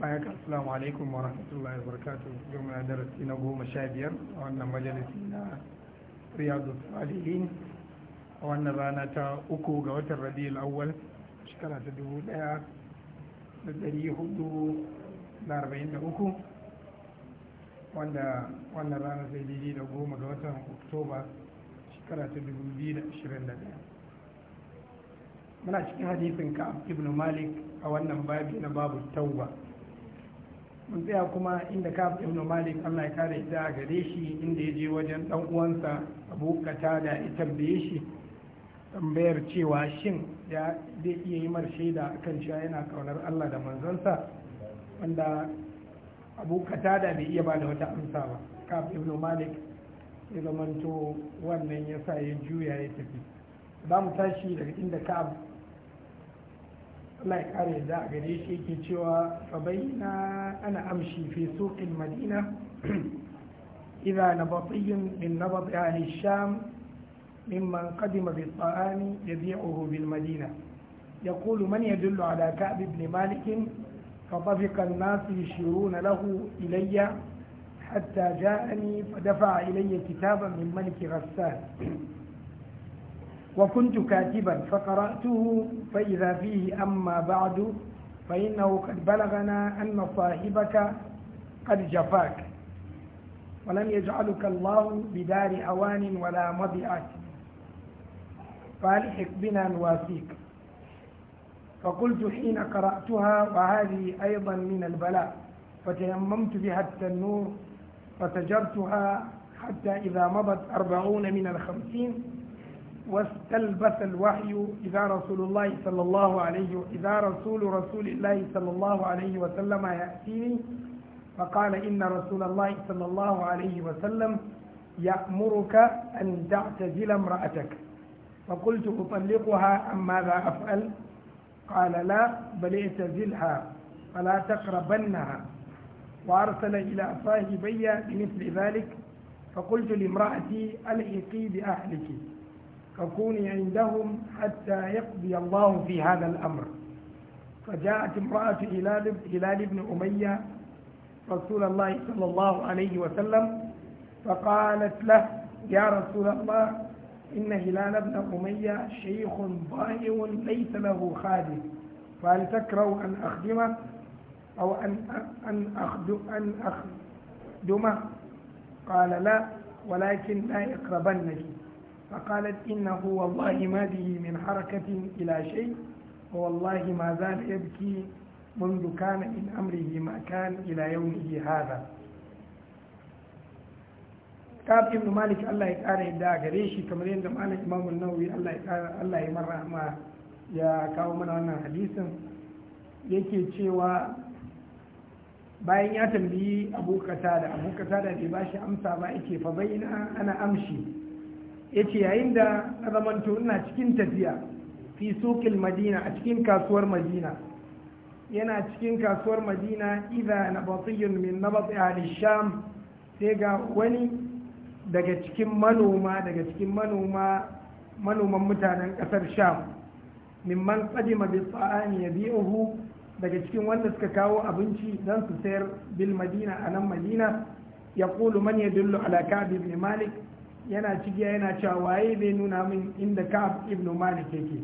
bayan assalamu alaikum wa rahmatullahi wa barakatu yau muna darasi na goma sha biyar a wannan majalisi na riyadu salihin a wannan rana ta uku ga watan rabiul awwal shekara ta dubu daya da dari hudu da arba'in da uku wanda wannan rana sai daidai da goma ga watan oktoba shekara ta dubu biyu da ashirin da daya muna cikin hadisin ka ibn malik a wannan babi na babu tauba mun tsaya kuma inda ka fi ibn malik allah ya kare ita a gare shi inda ya je wajen dan uwansa abu kata da ya tambaye shi tambayar cewa shin ya zai iya yi mar shaida kan cewa yana kaunar allah da manzansa wanda abu kata da bai iya bada wata amsa ba ka fi ibn malik ya zamanto wannan ya sa ya juya ya tafi za mu tashi daga inda ka الله يكاري ذا غريكي كتوى فبينا أنا أمشي في سوق المدينة إذا نبطي من نبط أهل الشام ممن قدم بالطعام يبيعه بالمدينة يقول من يدل على كعب بن مالك فطفق الناس يشيرون له إلي حتى جاءني فدفع إلي كتابا من ملك غسان وكنت كاتبا فقرأته فإذا فيه أما بعد فإنه قد بلغنا أن صاحبك قد جفاك ولم يجعلك الله بدار أوان ولا مضيعة فالحق بنا نواسيك فقلت حين قرأتها وهذه أيضا من البلاء فتيممت بها التنور فتجرتها حتى إذا مضت أربعون من الخمسين واستلبس الوحي إذا رسول الله صلى الله عليه إذا رسول رسول الله صلى الله عليه وسلم يأتيني فقال إن رسول الله صلى الله عليه وسلم يأمرك أن تعتزل امرأتك فقلت أطلقها أم ماذا أفعل قال لا بل اعتزلها فلا تقربنها وأرسل إلى صاحبي بمثل ذلك فقلت لامرأتي ألحقي بأهلك فكوني عندهم حتى يقضي الله في هذا الأمر فجاءت امرأة هلال, هلال بن أمية رسول الله صلى الله عليه وسلم فقالت له يا رسول الله إن هلال بن أمية شيخ ضائع ليس له خادم فهل تكره أن أخدمه أو أن أن أخدم أن أخدمه قال لا ولكن لا يقربنك فقالت إنه والله ما به من حركة إلى شيء ووالله ما زال يبكي منذ كان من أمره ما كان إلى يومه هذا كاب ابن مالك الله يقارى يدعى قريشي كما يندم على الإمام النووي الله يقارى الله يمر ما يا كاومنا وانا حديثا yake cewa bayan ya tambayi abu kasada abu kasada bai bashi amsa ba yake fa bayyana ana amshi ya ce yayin da na zamanto ina cikin tafiya fi suƙil madina a cikin kasuwar madina yana cikin kasuwar madina iza na batsiyun min na sham sai ga wani daga cikin manoma daga cikin manoma manoman mutanen kasar sham mimman qadima bi tsa'ani daga cikin wanda suka kawo abinci don su sayar bil madina a nan madina ya kulu man ya dullu ala kabi malik yana cigiya yana cewa waye zai nuna min inda ka ibnu malik yake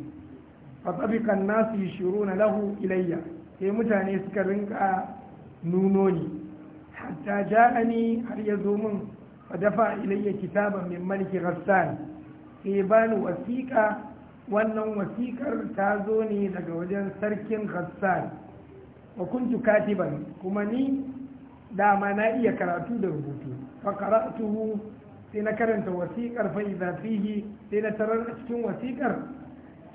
fa tabiqa an-nas yashuruna lahu ilayya sai mutane suka rinka nuno ni hatta ja'ani har ya zo min fa dafa ilayya kitaban min malik ghassan sai bani wasiƙa wannan wasiƙar ta zo ne daga wajen sarkin ghassan wa kuntu katiban kuma ni dama na iya karatu da rubutu fa qara'tuhu sai na karanta wasiƙar fa'iza fihi sai na tarar a cikin wasiƙar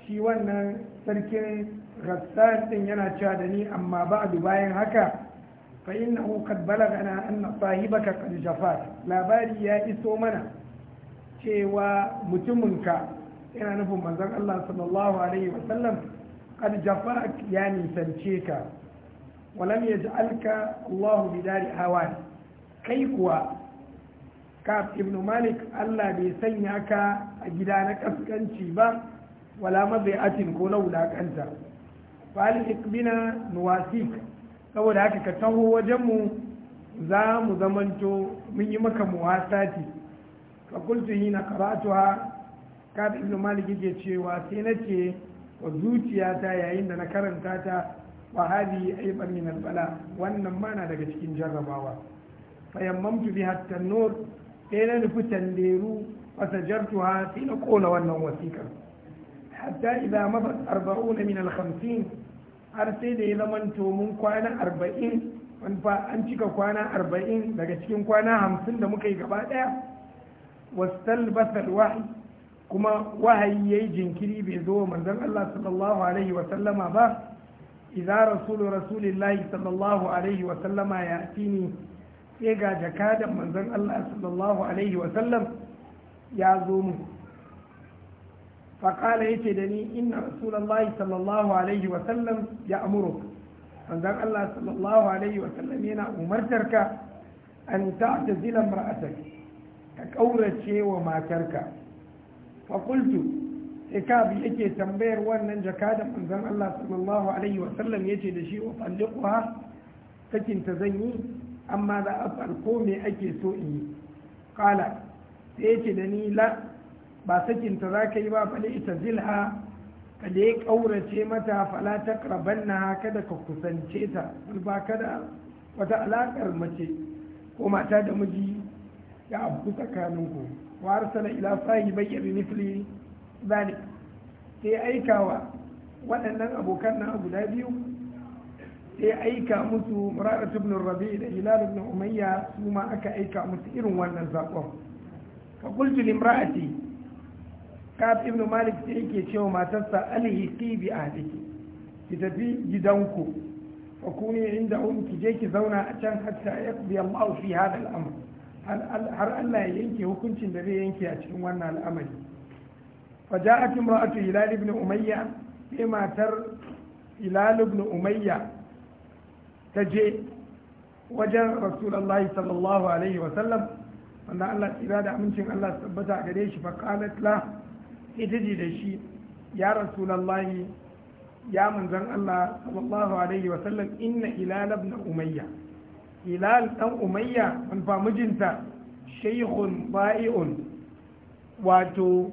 shi wannan sarkin rassan din yana cewa da ni amma ba'du bayan haka fa innahu qad balagana anna sahibaka qad jafat labari ya iso mana cewa ka yana nufin manzon Allah sallallahu alaihi wa sallam qad jafak ya nisance ka walam yaj'alka allahu bidari hawan kai kuwa kaf ibn malik allah bai sanya ka a gida na kaskanci ba wala mazai'atin ko na wulakanta falik bina nuwasik saboda haka ka taho wajenmu za mu zamanto mun yi maka muwasati fa kultu hina qara'atuha kaf ibn malik yake cewa sai nace wa zuciyata yayin da na karanta ta wa hadi aiban min albala wannan ma na daga cikin jarrabawa fayammamtu biha at-tanur sai na nufi tanderu fasajartuha sai na kona wannan wasikar hatta idza mafat arba'una min al-khamsin har sai da ya zamanto mun kwana arba'in an cika kwana arba'in daga cikin kwana hamsin da muka yi gaba ɗaya wastal basal wahi kuma wahayi ya yi jinkiri bai zo manzon Allah sallallahu alaihi wa sallama ba idza rasulu rasulillahi sallallahu alaihi wa sallama ya tini sai ga jakadan manzon Allah sallallahu alaihi wasallam ya zo mu faƙala ce da ni inna Rasulallah sallallahu alaihi wasallam ya amuru manzon Allah sallallahu alaihi wasallam yana umartarka an zilan imra'atak ka ƙaurace wa matarka sai ka ikab yake tambayar wannan jakadan manzon Allah sallallahu alaihi wasallam ce da shi wa talliquha sakinta zan yi. amma za a farko me ake so in yi kala sai ya ce da ni la ba sakinta za ka yi ba fa ita zilha ka da ya ƙaurace mata fala ta ƙarban na kada ka kusance ta ba kada wata alaƙar mace ko mata da miji ya abu tsakaninku wa arsala ila sahibai ya bi misli zalik sai aikawa waɗannan abokan na guda biyu sai aika musu murad ibn rabi da hilal ibn umayya su ma aka aika musu irin wannan zakon ka qultu limra'ati kaf ibn malik sai yake cewa matarsa alhiqi bi ahliki ki tafi gidanku fa kuni inda um ki je ki zauna a can hatta yaqdi Allah fi hada al'amr har Allah ya yanke hukuncin da zai yanke a cikin wannan al'amari fa ja'at imra'atu hilal ibn umayya sai matar hilal ibn umayya ta je wajen rasulallah sallallahu alaihi wasallam wanda allah tsira da amincin allah tabbata gare shi faƙalat la ita da shi ya rasulullahi ya manzon allah sallallahu alaihi wasallam inna hilal ibn umayya hilal dan umayya man fa mijinta shaykhun ba'i'un wato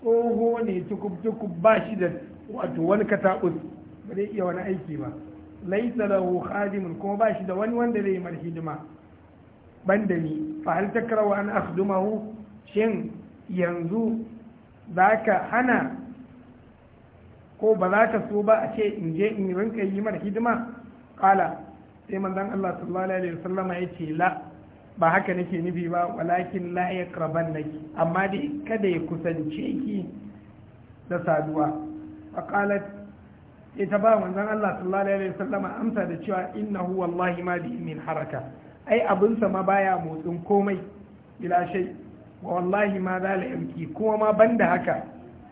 tsoho ne tukub-tukub ba shi da wato wani kata'us ba zai iya wani aiki ba laisa lahu khadimun kuma ba shi da wani wanda zai mar hidima banda ni fa hal takrahu an akhdumahu shin yanzu zaka hana ko ba za ka so ba a ce in je in rinka yi mar hidima kala sai manzon Allah sallallahu alaihi wasallama yace la ba haka nake nufi ba walakin la yaqraban amma dai kada ya kusance ki da saduwa qalat ita ba wanzan Allah sallallahu alaihi wasallam amsa da cewa innahu wallahi ma bi min haraka ai abun sa ma baya motsin komai bila shay wa wallahi ma zala yamki kuma ma banda haka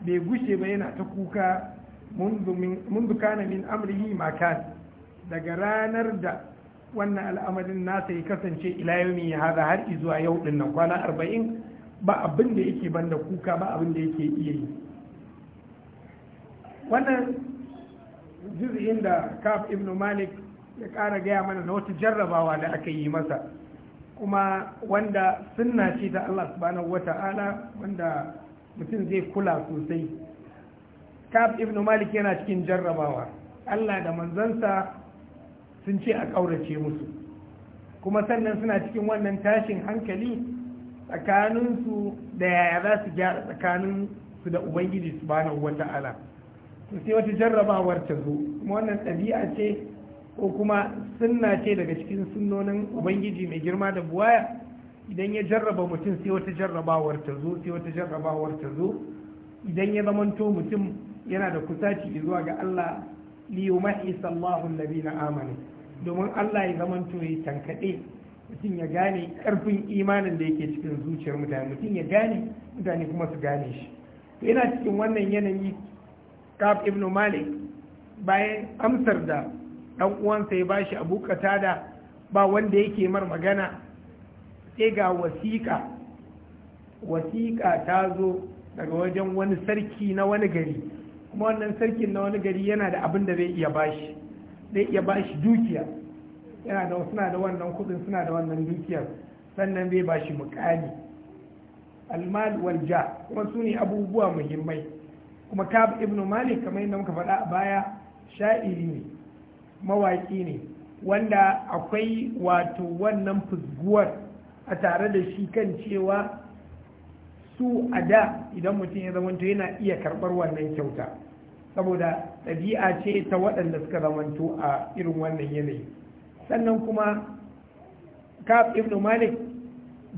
bai gushe ba yana ta kuka منذ كان من daga ranar da wannan al'amarin nasa ya kasance ila ya hada har zuwa yau din nan kwana arba'in ba abin da yake banda kuka ba abin da yake iya yi wannan juz'in da kaf ibn malik ya ƙara gaya mana da wata jarrabawa da aka yi masa kuma wanda sunna ce ta Allah subhanahu wata'ala wanda mutum zai kula sosai kaf ibn malik yana cikin jarrabawa Allah da manzansa sun ce a ƙaurace musu kuma sannan suna cikin wannan tashin hankali tsakaninsu da yaya za su gyara tsakaninsu da ubangiji subhanahu wata'ala to sai wata jarrabawar ta zo kuma wannan ɗabi'a ce ko kuma sunna ce daga cikin sunnonin ubangiji mai girma da buwaya idan ya jarraba mutum sai wata jarrabawar ta zo sai wata jarrabawar ta zo idan ya zamanto mutum yana da kusaci zuwa ga Allah li yumahi sallahu alladhina amanu domin Allah ya zamanto ya tankade mutum ya gane karfin imanin da yake cikin zuciyar mutane mutum ya gane mutane kuma su gane shi to yana cikin wannan yanayi kaf ibn malik bayan amsar da ɗan uwansa ya bashi abu da ba wanda yake mar magana sai ga wasiƙa wasiƙa ta zo daga wajen wani sarki na wani gari kuma wannan sarkin na wani gari yana da abin da zai iya bashi zai iya bashi dukiya yana da suna da wannan kudin suna da wannan dukiyar sannan zai bashi mukali almal wal ja kuma su ne abubuwa muhimmai kuma kab ibn malik kamar yadda muka faɗa a baya sha'iri ne mawaƙi ne wanda akwai wato wannan fusguwar a tare da shi kan cewa su a da idan mutum ya zamanto yana iya karɓar wannan kyauta saboda ɗabi'a ce ta waɗanda suka zamanto a irin wannan yanayi sannan kuma kab ibn malik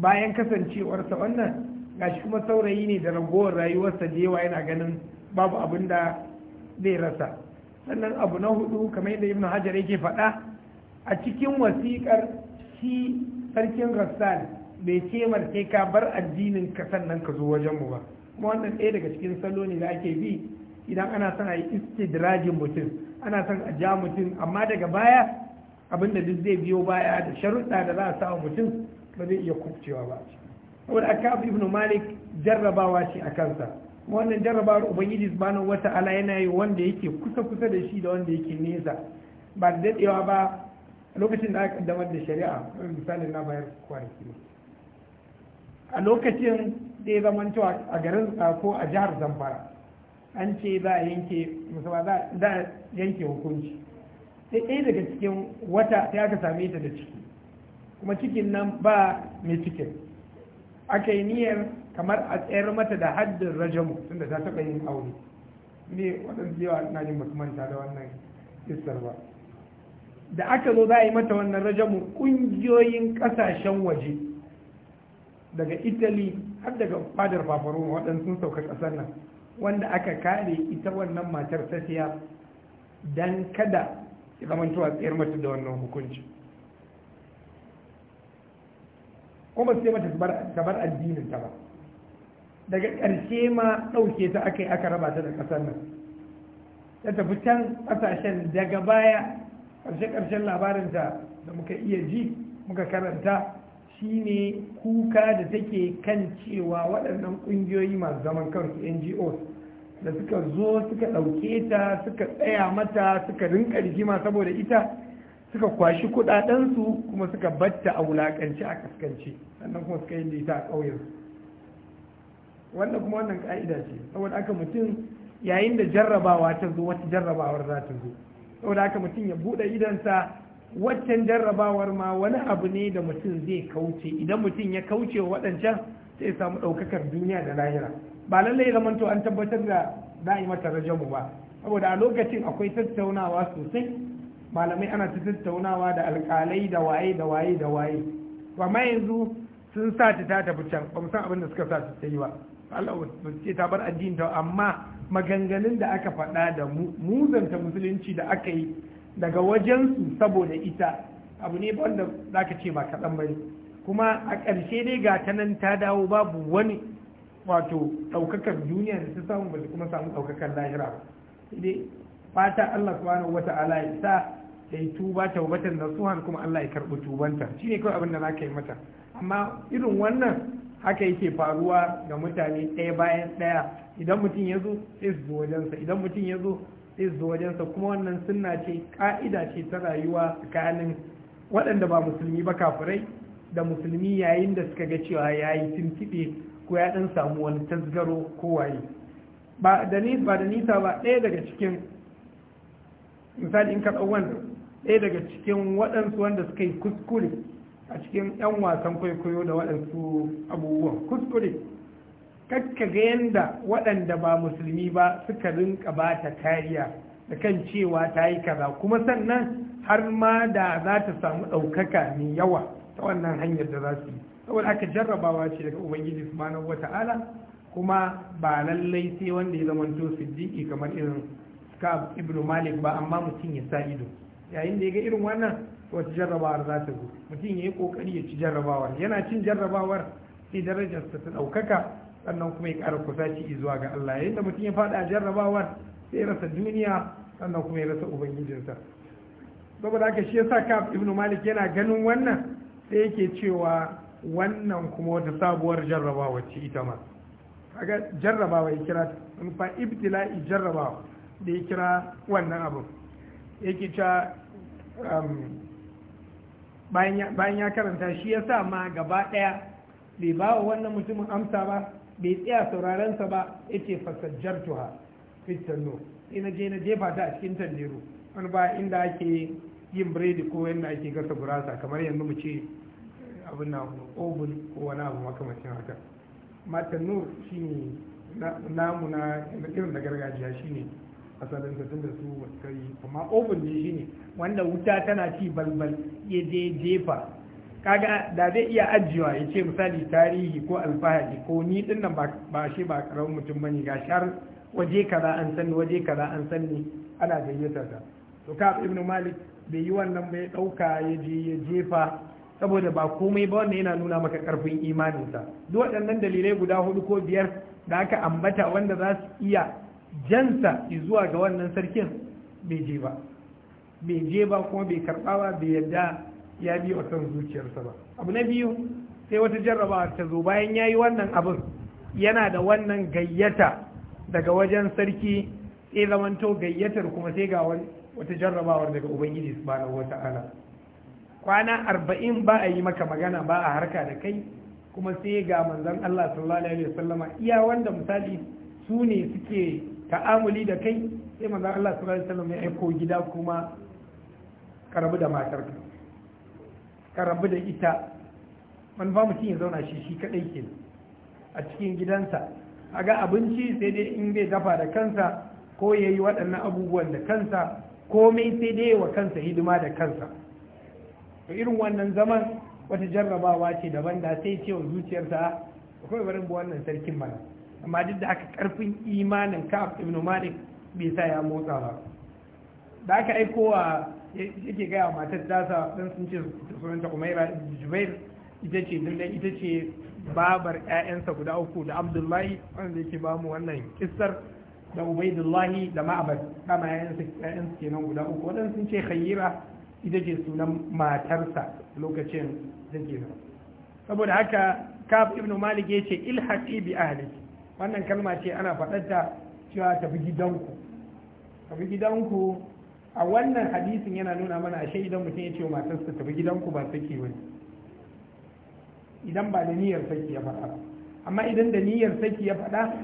bayan kasancewarsa wannan gashi kuma saurayi ne da ragowar rayuwarsa da yawa yana ganin babu abin da zai rasa sannan abu na hudu kamar yadda ibn hajar yake faɗa a cikin wasikar shi sarkin rassal bai ce marke ka bar addinin ka sannan ka zo wajen mu ba kuma wannan ɗaya daga cikin salo ne da ake bi idan ana son a yi istidrajin mutum ana son a ja mutum amma daga baya abin da duk zai biyo baya da sharuɗa da za a sawa mutum ba zai iya kubcewa ba saboda akabu ibn malik jarrabawa shi a kansa wannan jarrabawar ubangiji subhanahu wata'ala yana yi wanda yake kusa kusa da shi da wanda yake nesa ba da dadewa ba lokacin da aka kaddamar da shari'a misalin na bayar kwanaki a lokacin da ya zama a garin ko a jihar zamfara an ce za a yanke musamman za a yanke hukunci sai ɗaya daga cikin wata sai aka same ta da ciki kuma cikin nan ba mai cikin aka yi niyyar kamar a tsayar mata da haddin rajamu tunda ta taɓa yin aure ne waɗanda yawa na da wannan isar ba da aka zo za a yi mata wannan rajamu ƙungiyoyin ƙasashen waje daga italy har daga fadar waɗanda sun sauka ƙasar nan wanda aka kare ita wannan matar ta siya don kada ya zamantowa tsayar mata da wannan hukunci kuma sai mata ta bar addinin ta ba daga ƙarshe ma ɗauke ta aka yi aka raba ta da ƙasar nan ta tafi can ƙasashen daga baya ƙarshe-ƙarshen labarinta da muka iya ji muka karanta shine kuka da take kan cewa waɗannan ƙungiyoyi masu zaman kansu ngos da suka zo suka ɗauke ta suka tsaya mata suka rinka rigima saboda ita suka kwashi kuɗaɗensu kuma suka batta a wulaƙance a kaskance sannan kuma suka yi da ita a ƙauyensu wannan kuma wannan ka'ida ce saboda aka mutum yayin da jarrabawa ta zo wata jarrabawar za ta zo saboda aka mutum ya buɗe idansa waccan jarrabawar ma wani abu ne da mutum zai kauce idan mutum ya kauce wa waɗancan sai samu ɗaukakar duniya da lahira ba lallai zamanto an tabbatar da mata rajamu ba saboda a lokacin akwai tattaunawa sosai malamai ana ta tattaunawa da alƙalai da waye da waye da waye amma yanzu sun sa ta tafi can ba san abin da suka sa ta yi ba Allah ce ta bar addini ta amma maganganun da aka faɗa da muzanta musulunci da aka yi daga wajen su saboda ita abu ne wanda za ka ce ba kaɗan bane kuma a ƙarshe dai ga ta nan ta dawo babu wani wato ɗaukakar duniya da ta samu ba kuma samu ɗaukakar lahira ba fata Allah subhanahu wata ta'ala ya sa ta yi tuba taubatan kuma Allah ya karɓi tubanta shi ne kawai abin da na ka mata amma irin wannan haka yake faruwa ga mutane ɗaya bayan ɗaya idan mutum ya zo sai su wajensa idan mutum ya zo sai su wajensa kuma wannan sunna ce ka'ida ce ta rayuwa tsakanin waɗanda ba musulmi ba kafirai da musulmi yayin da suka ga cewa ya yi tuntuɓe ko ya ɗan samu wani tasgaro ko waye ba da nisa ba ɗaya daga cikin misali in ka ɗau wanda ɗaya daga cikin waɗansu wanda suka yi kuskure a cikin 'yan wasan kwaikwayo da waɗansu abubuwan kuskure kakka ga yadda waɗanda ba musulmi ba suka rinka ba ta kariya da kan cewa ta yi kaza kuma sannan har ma da za ta samu ɗaukaka mai yawa ta wannan hanyar da za su yi saboda aka jarrabawa ce daga ubangiji subhanahu wata'ala kuma ba lallai sai wanda ya zamanto siddiqi kamar irin ka ibnu malik ba amma mutum ya sa ido yayin da ya ga irin wannan wata jarrabawar za ta zo mutum ya yi kokari ya ci jarrabawar yana cin jarrabawar sai darajarsa ta ɗaukaka sannan kuma ya ƙara kusaci zuwa ga Allah yayin da mutum ya faɗi a jarrabawar sai rasa duniya sannan kuma ya rasa ubangijinsa saboda haka shi yasa kaf ibnu malik yana ganin wannan sai yake cewa wannan kuma wata sabuwar jarrabawa ce ita ma kaga jarrabawa ya kira fa ibtila'i jarrabawa da ya kira wannan abu yake cewa um, bayan ya karanta shi ya sa ma gaba ɗaya bai ba wa wannan mutumin amsa ba bai tsaya saurarensa ba ya ce tuha fitanno sai na je na jefa ta a cikin tanderu wani ba inda ake yin biredi ko yadda ake gasa gurasa kamar yanzu mu ce abin na obin ko wani abu makamacin haka matan shi ne namu na irin da gargajiya shi ne asalin ta tunda su kai amma oven ne shi ne wanda wuta tana ci balbal ya jefa kaga da zai iya ajiyewa ya ce misali tarihi ko alfahari ko ni din nan ba shi ba karamin mutum bane ga shar waje kaza an sanni waje kaza an sanni ana gayyata ta to ka ibnu malik bai yi wannan bai dauka ya je ya jefa saboda ba komai ba wannan yana nuna maka karfin imaninsa duk waɗannan dalilai guda hudu ko biyar da aka ambata wanda za su iya jansa zuwa ga wannan sarkin bai je ba bai je ba kuma bai karɓa ba bai yadda ya bi wa son zuciyarsa ba abu na biyu sai wata jarrabawa ta zo bayan ya yi wannan abin yana da wannan gayyata daga wajen sarki sai zamanto gayyatar kuma sai ga wata jarrabawar daga ubangiji subhanahu wata ta'ala kwana arba'in ba a yi maka magana ba a harka da kai kuma sai ga manzon Allah sallallahu alaihi wasallama iya wanda misali su ne suke ta'amuli da kai sai manzo Allah sallallahu alaihi wasallam ya aiko gida kuma ka rabu da matarka ka rabu da ita man ba mutum ya zauna shi shi kadai ke a cikin gidansa a ga abinci sai dai in zai dafa da kansa ko ya yi waɗannan abubuwan da kansa komai sai dai wa kansa hidima da kansa to irin wannan zaman wata jarrabawa ce daban da sai ce wa zuciyarsa akwai barin wannan sarkin mana amma duk da haka karfin imanin ka'ab ibn malik bai sa ya motsa ba da aka aiko wa yake gaya matar tasa dan sun ce sunanta umaira jubair ita ce dindin ita ce babar ƴaƴansa guda uku da abdullahi wanda yake ba mu wannan kissar da ubaidullahi da ma'abad dama ƴaƴansa ƴaƴansa kenan guda uku wadan sun ce Khayira ita ce sunan matarsa lokacin da ke saboda haka kaf ibn malik ya ce ilhaqi bi ahlik wannan kalma ce ana faɗarta cewa tafi gidanku tafi gidanku a wannan hadisin yana nuna mana ashe idan mutum ya ce wa matarsa tafi gidanku ba sake wani idan ba da niyyar saki ya faɗa amma idan da niyyar saki ya faɗa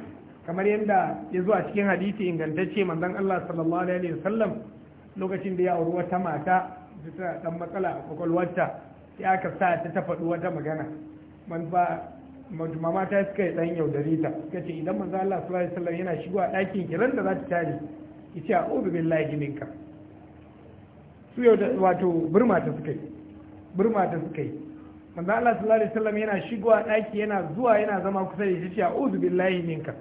kamar yadda ya zo a cikin hadisi ingantacce manzon Allah sallallahu alaihi wasallam lokacin da ya auri wata mata da dan matsala a kwakwalwarta ya aka sa ta ta faɗi wata magana man mama ta suka yi dan yaudare ta suka ce idan manzo Allah sallallahu alaihi wasallam yana shigowa ɗakin kiran da za ta tare yace a'udhu billahi minka su da wato burma ta suka yi burma ta suka yi manzo Allah sallallahu alaihi wasallam yana shigowa ɗaki yana zuwa yana zama kusa da shi ce a'udhu billahi minka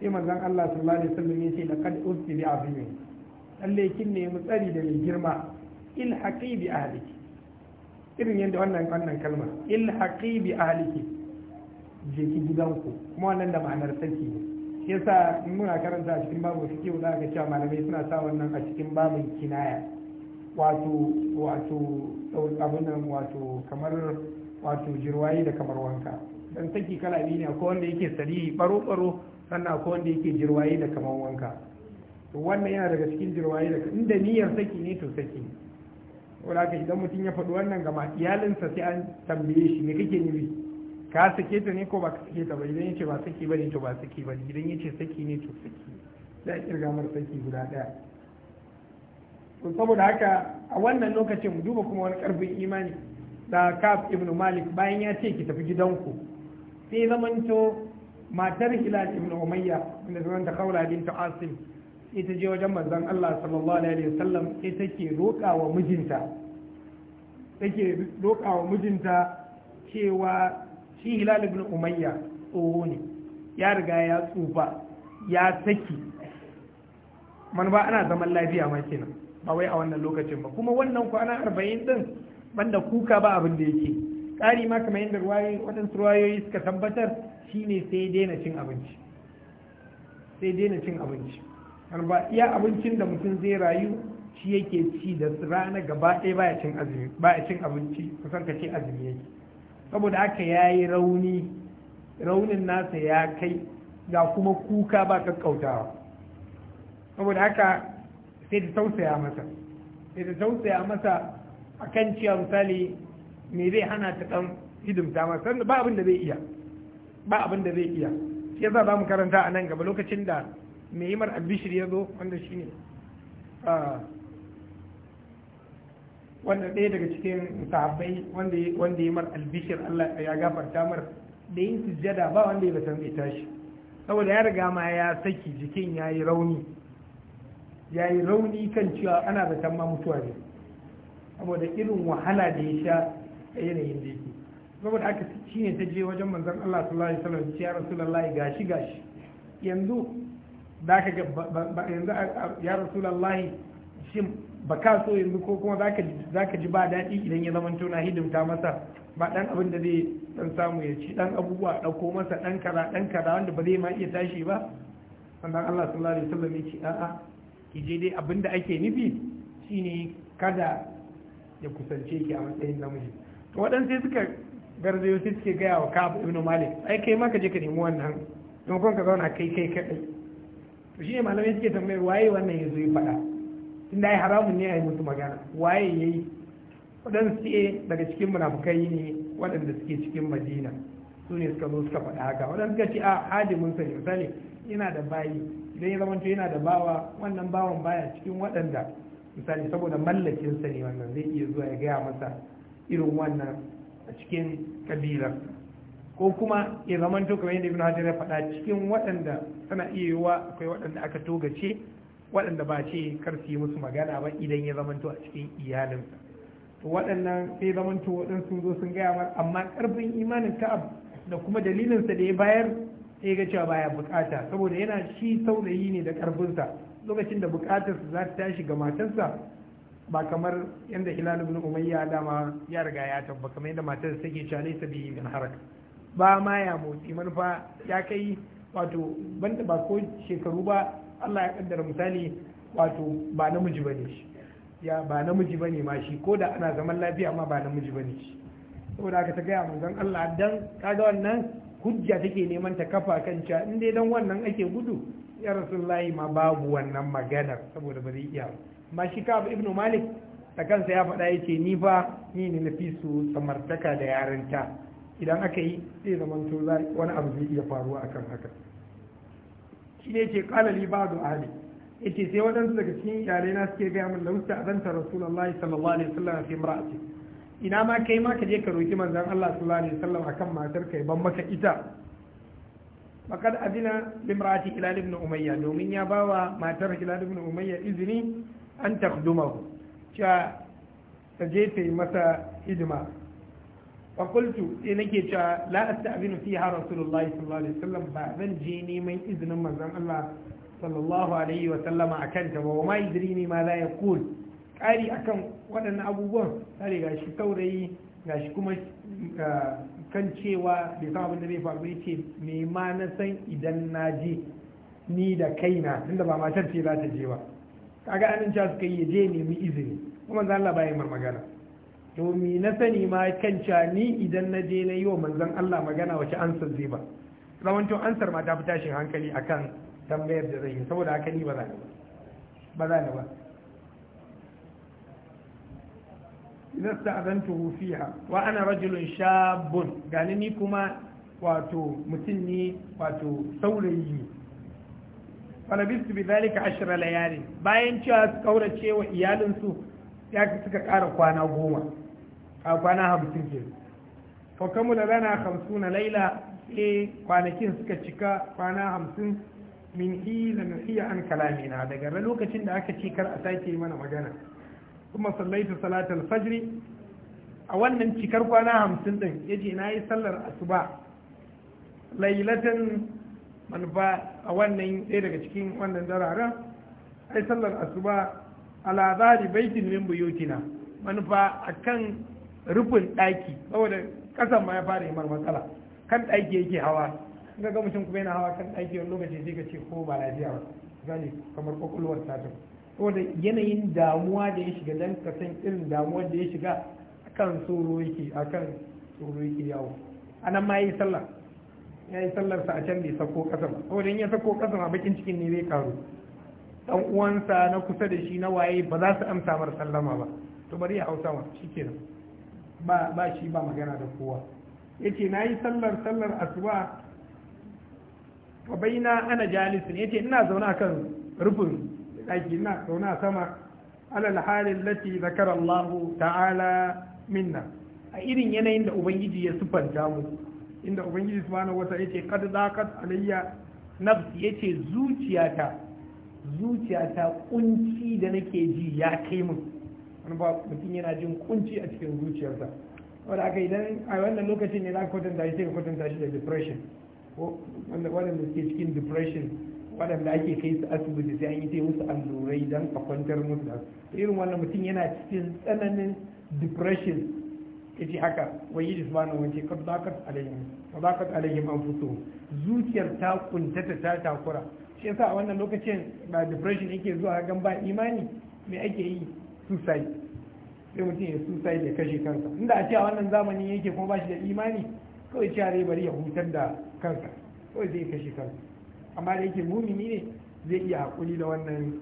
sai manzo Allah sallallahu alaihi wasallam yace laqad usti bi azimi lalle kin ne mu tsari da mai girma ilhaqi bi ahliki irin yadda wannan wannan kalmar ilhaqi bi ahliki je ki gidanku kuma wannan da ma'anar saki ne shi yasa in muna karanta a cikin babu suke za ka cewa malamai suna sa wannan a cikin babin kinaya wato wato abin nan wato kamar wato jirwayi da kamar wanka dan saki kala biyu ne ko wanda yake sari baro baro sannan ko wanda yake jirwayi da kamar wanka to wannan yana daga cikin jirwaye da inda niyyar saki ne to saki wala ka idan mutum ya faɗi wannan ga iyalinsa sai an tambaye shi me kake nufi ka sake ta ne ko ba ka sake ta ba idan yace ba saki bane to ba saki bane idan yace saki ne to saki da a kirga mar saki guda daya to saboda haka a wannan lokacin mu duba kuma wani karfin imani da kaf ibn malik bayan ya ce ki tafi gidanku sai to matar hilal ibn umayya wanda zaman ta kaula ta asim sai ta je wajen manzon Allah sallallahu alaihi wasallam sai take roƙa wa mijinta take roƙa wa mijinta cewa shi hilal ibn umayya tsoho ne ya riga ya tsufa ya saki man ba ana zaman lafiya ma kenan ba wai a wannan lokacin ba kuma wannan kwana arba'in din banda kuka ba abin da yake ƙari ma kamar yadda ruwayoyi waɗansu ruwayoyi suka tabbatar shine sai daina cin abinci sai daina cin abinci har ba iya abincin da mutum zai rayu shi yake ci da rana gaba ɗaya ba ya cin abinci kusan ka ce azumi yake saboda haka ya yi rauni raunin nasa ya kai ga kuma kuka ba kakkautawa saboda haka sai da tausaya masa sai da tausaya masa a kan cewa misali me zai hana ta ɗan hidimta masa ba abin da zai iya ba abin da zai iya shi yasa za mu karanta a nan gaba lokacin da mai yimar albishir ya zo wanda shi ne ah, wanda ɗaya daga cikin sahabbai wanda ya mar albishir Allah ya gafarta mar da yin sujjada ba wanda ya san zai tashi saboda ya riga ma ya saki jikin ya yi rauni ya yi rauni kan cewa ana zaton ma mutuwa ne saboda irin wahala da ya sha a yanayin da yake saboda aka shi ne ta je wajen manzan Allah sallallahu alaihi wasallam ya rasulullahi gashi gashi yanzu ga yanzu ya rasulullahi shin ba ka so yanzu ko kuma za ka ji ba daɗi idan ya zama na hidimta masa ba ɗan abin da zai ɗan samu ya ci ɗan abubuwa ɗauko masa ɗan kara ɗan kara wanda ba zai ma iya tashi ba sannan Allah sallallahu alaihi wasallam ya ce a'a ki je dai abin da ake nufi shine kada ya kusance ki a matsayin namiji to waɗansu sai suka garzayo sai suke gaya wa Ka'ab ibn Malik ai kai ma ka je ka nemi wannan don ka zauna kai kai kaɗai to shine malamai suke tambayar waye wannan ya zo ya faɗa tun da haramun ne a yi musu magana waye ya yi waɗansu ke daga cikin munafukai ne waɗanda suke cikin madina su ne suka zo suka faɗa haka waɗansu suka ce a hadimin sa ne misali yana da bayi idan ya zamanto yana da bawa wannan bawan baya cikin waɗanda misali saboda mallakin sa ne wannan zai iya zuwa ya gaya masa irin wannan a cikin kabilar ko kuma ya zamanto kamar yadda ibn hajar ya faɗa cikin waɗanda suna iya yiwuwa akwai waɗanda aka togace waɗanda ba ce kar su yi musu magana ba idan ya zamanto a cikin iyalin to waɗannan sai zamanto waɗansu zo sun gaya mar amma ƙarfin imanin ka'ab da kuma dalilinsa da ya bayar sai ga cewa baya bukata saboda yana shi saurayi ne da ƙarfinsa lokacin da bukatarsa za ta tashi ga matarsa ba kamar yadda hilal ibn umayya dama ya riga ya tabba kamar yadda matarsa take cewa laysa bihi min haraka ba ma ya motsi manufa ya kai wato banda ba ko shekaru ba Allah ya kaddara misali wato ba namiji bane shi ya ba namiji bane ma shi ko da ana zaman lafiya ma ba namiji bane shi saboda aka ta gaya manzon Allah dan kaga wannan hujja take neman ta kafa kan cewa in dai dan wannan ake gudu ya rasulullahi ma babu wannan maganar saboda ba zai iya ma shi ka ibnu malik da kansa ya faɗa yace ni fa ni ne na fi su samartaka da yarinta idan aka yi zai zamanto wani abu zai iya faruwa akan haka shi ne ce kala li ba da ahli yace sai waɗansu daga cikin iyalai na suke gaya min lausta azanta rasulullahi sallallahu alaihi wasallam fi imra'ati ina ma kai ma ka je ka roki manzon Allah sallallahu alaihi wasallam akan matar kai ban maka ita faqad adina limra'ati ila ibn umayya domin ya bawa matar ila ibn umayya izini an takhdumahu cewa ta je ta yi masa hidima fakultu sai nake cewa la asta'binu fiha rasulullahi sallallahu alaihi wasallam ba zan je neman izinin manzon Allah sallallahu alaihi wa sallama akan ta ba wa ma idrini ma la yaqul kari akan waɗannan abubuwan sai gashi saurayi gashi kuma kan cewa bai san abin da zai faru yace me ma na san idan na je ni da kai na? tunda ba matar ce za ta je ba kaga amincewa suka yi ya je nemi izini kuma manzon Allah ba ya magana to na sani ma kan cani idan na je na yi wa manzon Allah magana wace ansar zai ba rawanto ansar ma ta fi tashin hankali akan tambayar da zai yi saboda haka ni ba za ni ba za ba idan fiha wa ana rajulun shabun gani ni kuma wato mutum ne wato saurayi falabistu bi zalika ashra layali bayan cewa su kaurace wa iyalinsu ya suka ƙara kwana goma a kwana hamsin ke fa kamula lana na laila sai kwanakin suka cika kwana hamsin min hila na iya an kalamina daga lokacin da aka ce kar a sake mana magana kuma sallaitu salatul fajri a wannan cikar kwana hamsin din ya ce na yi sallar asuba lailatan manufa a wannan ɗaya daga cikin wannan zararen ai sallar asuba ala zari baitin min buyutina manufa akan rufin ɗaki saboda ƙasan ma ya fara yi matsala kan ɗaki yake hawa ga ga mutum kuma yana hawa kan ɗaki wani lokaci sai ka ce ko ba lafiya ba misali kamar kwakwalwar satin saboda yanayin damuwa da ya shiga dan ka san irin damuwa da ya shiga akan tsoro yake akan tsoro yake yawo anan ma yi sallah ya yi sallar sa a can bai sako ƙasa ba saboda in ya sako ƙasa ma bakin cikin ne zai karu dan uwansa na kusa da shi na waye ba za su amsa mar sallama ba to bari ya hausa ma shikenan ba ba shi ba magana da kowa yace nayi sallar sallar asuba wa baina ana Jalis Ya yace ina zaune kan rufin daki ina zaune a sama ala halin lati zakara Allah ta'ala minna a irin yanayin da ubangiji ya sufanta mu inda ubangiji subhanahu wata yace kad zakat alayya nafsi yace zuciyata zuciyata kunci da nake ji ya kai mun wani ba mutum yana jin kunci a cikin zuciyarsa wanda aka idan a wannan lokacin ne za ka kwatanta shi sai ka kwatanta shi da depression ko waɗanda suke cikin depression waɗanda ake kai su asibiti sai an yi ta musu allurai don a kwantar musu da irin wannan mutum yana cikin tsananin depression ka ce haka wai yi jisma na wance ka za ka kan zakat alayhim an fito zuciyar ta kuntata ta takura shi yasa a wannan lokacin ba depression yake zuwa gan ba imani me ake yi susai sai mutum ya susai ya kashe kansa inda a cewa wannan zamani yake kuma ba shi da imani kawai cewa dai bari ya hutar da kansa kawai zai kashe kansa amma da yake mumini ne zai iya hakuri da wannan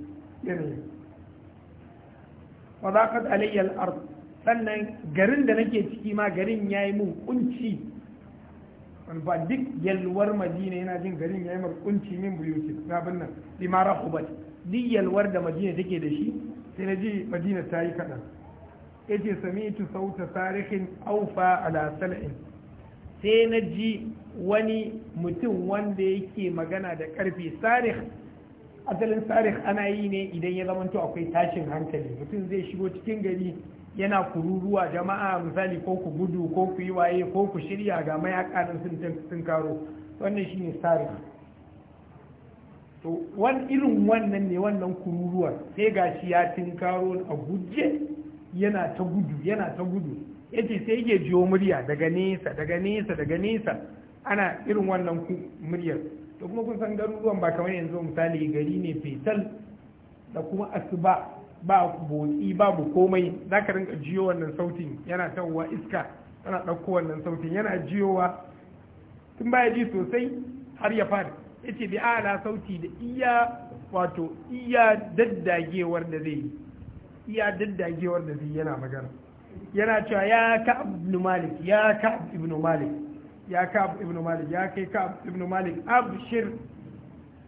yanayin wa za ka ard sannan garin da nake ciki ma garin ya yi mun kunci ba duk yalwar madina yana jin garin ya yi mun kunci min buyuti na bin nan limara hubat duk yalwar da madina take da shi sai na ji madina ta yi kaɗan ya ce sami'tu sauta sarihin aufa ala sal'in sai na ji wani mutum wanda yake magana da ƙarfi tsarik asalin tsarik ana yi ne idan ya zamanto akwai tashin hankali mutum zai shigo cikin gari yana kururuwa jama'a misali ko ku gudu ko ku yi waye ko ku shirya ga mayaka sun karo wannan shine tsarik. to wani irin wannan ne wannan kururuwar sai gashi ya tinkaro a guje yana ta gudu yana ta gudu yace sai yake jiyo murya daga nesa daga nesa daga nesa ana irin wannan muryar to kuma kun san garuruwan ba kamar yanzu misali gari ne fetal da kuma asuba ba botsi babu komai za ka rinka jiyo wannan sautin yana tawowa iska tana ɗauko wannan sautin yana jiyowa tun baya ji sosai har ya fara yace bi ala sauti da iya wato iya daddagewar da zai iya daddagewar da zai yana magana yana cewa ya ka'ab ibn malik ya ka'ab ibn malik ya ka'ab ibn malik ya kai ka'ab ibn malik abshir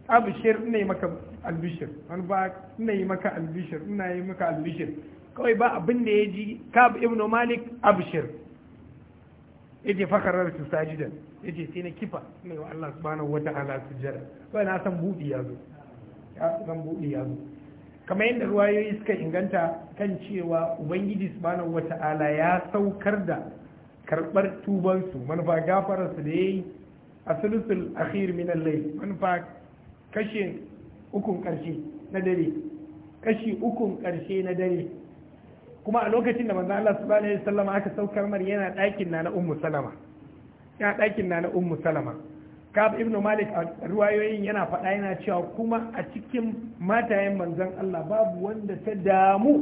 abshir ne maka albishir wani ba ne maka albishir ina yi maka albishir kawai ba abin da ya ji ka'ab ibn malik abshir yace fakarar su sajidan ya ce sai na kifa mai wa Allah subhanahu wata'ala jara ba na san buɗi ya zo ya san buɗi ya zo kamar yadda ruwayoyi suka inganta kan cewa ubangiji subhanahu wata'ala ya saukar da karɓar tubansu manufa gafararsu da ya yi a sulusul akhir min allai manufa kashe ukun ƙarshe na dare kashi ukun ƙarshe na dare kuma a lokacin da manzo Allah subhanahu wa aka saukar mar yana ɗakin na na ummu salama ya ɗakin na na ummu salama kab ibn malik a ruwayoyin yana faɗa yana cewa kuma a cikin matayen manzan allah babu wanda ta damu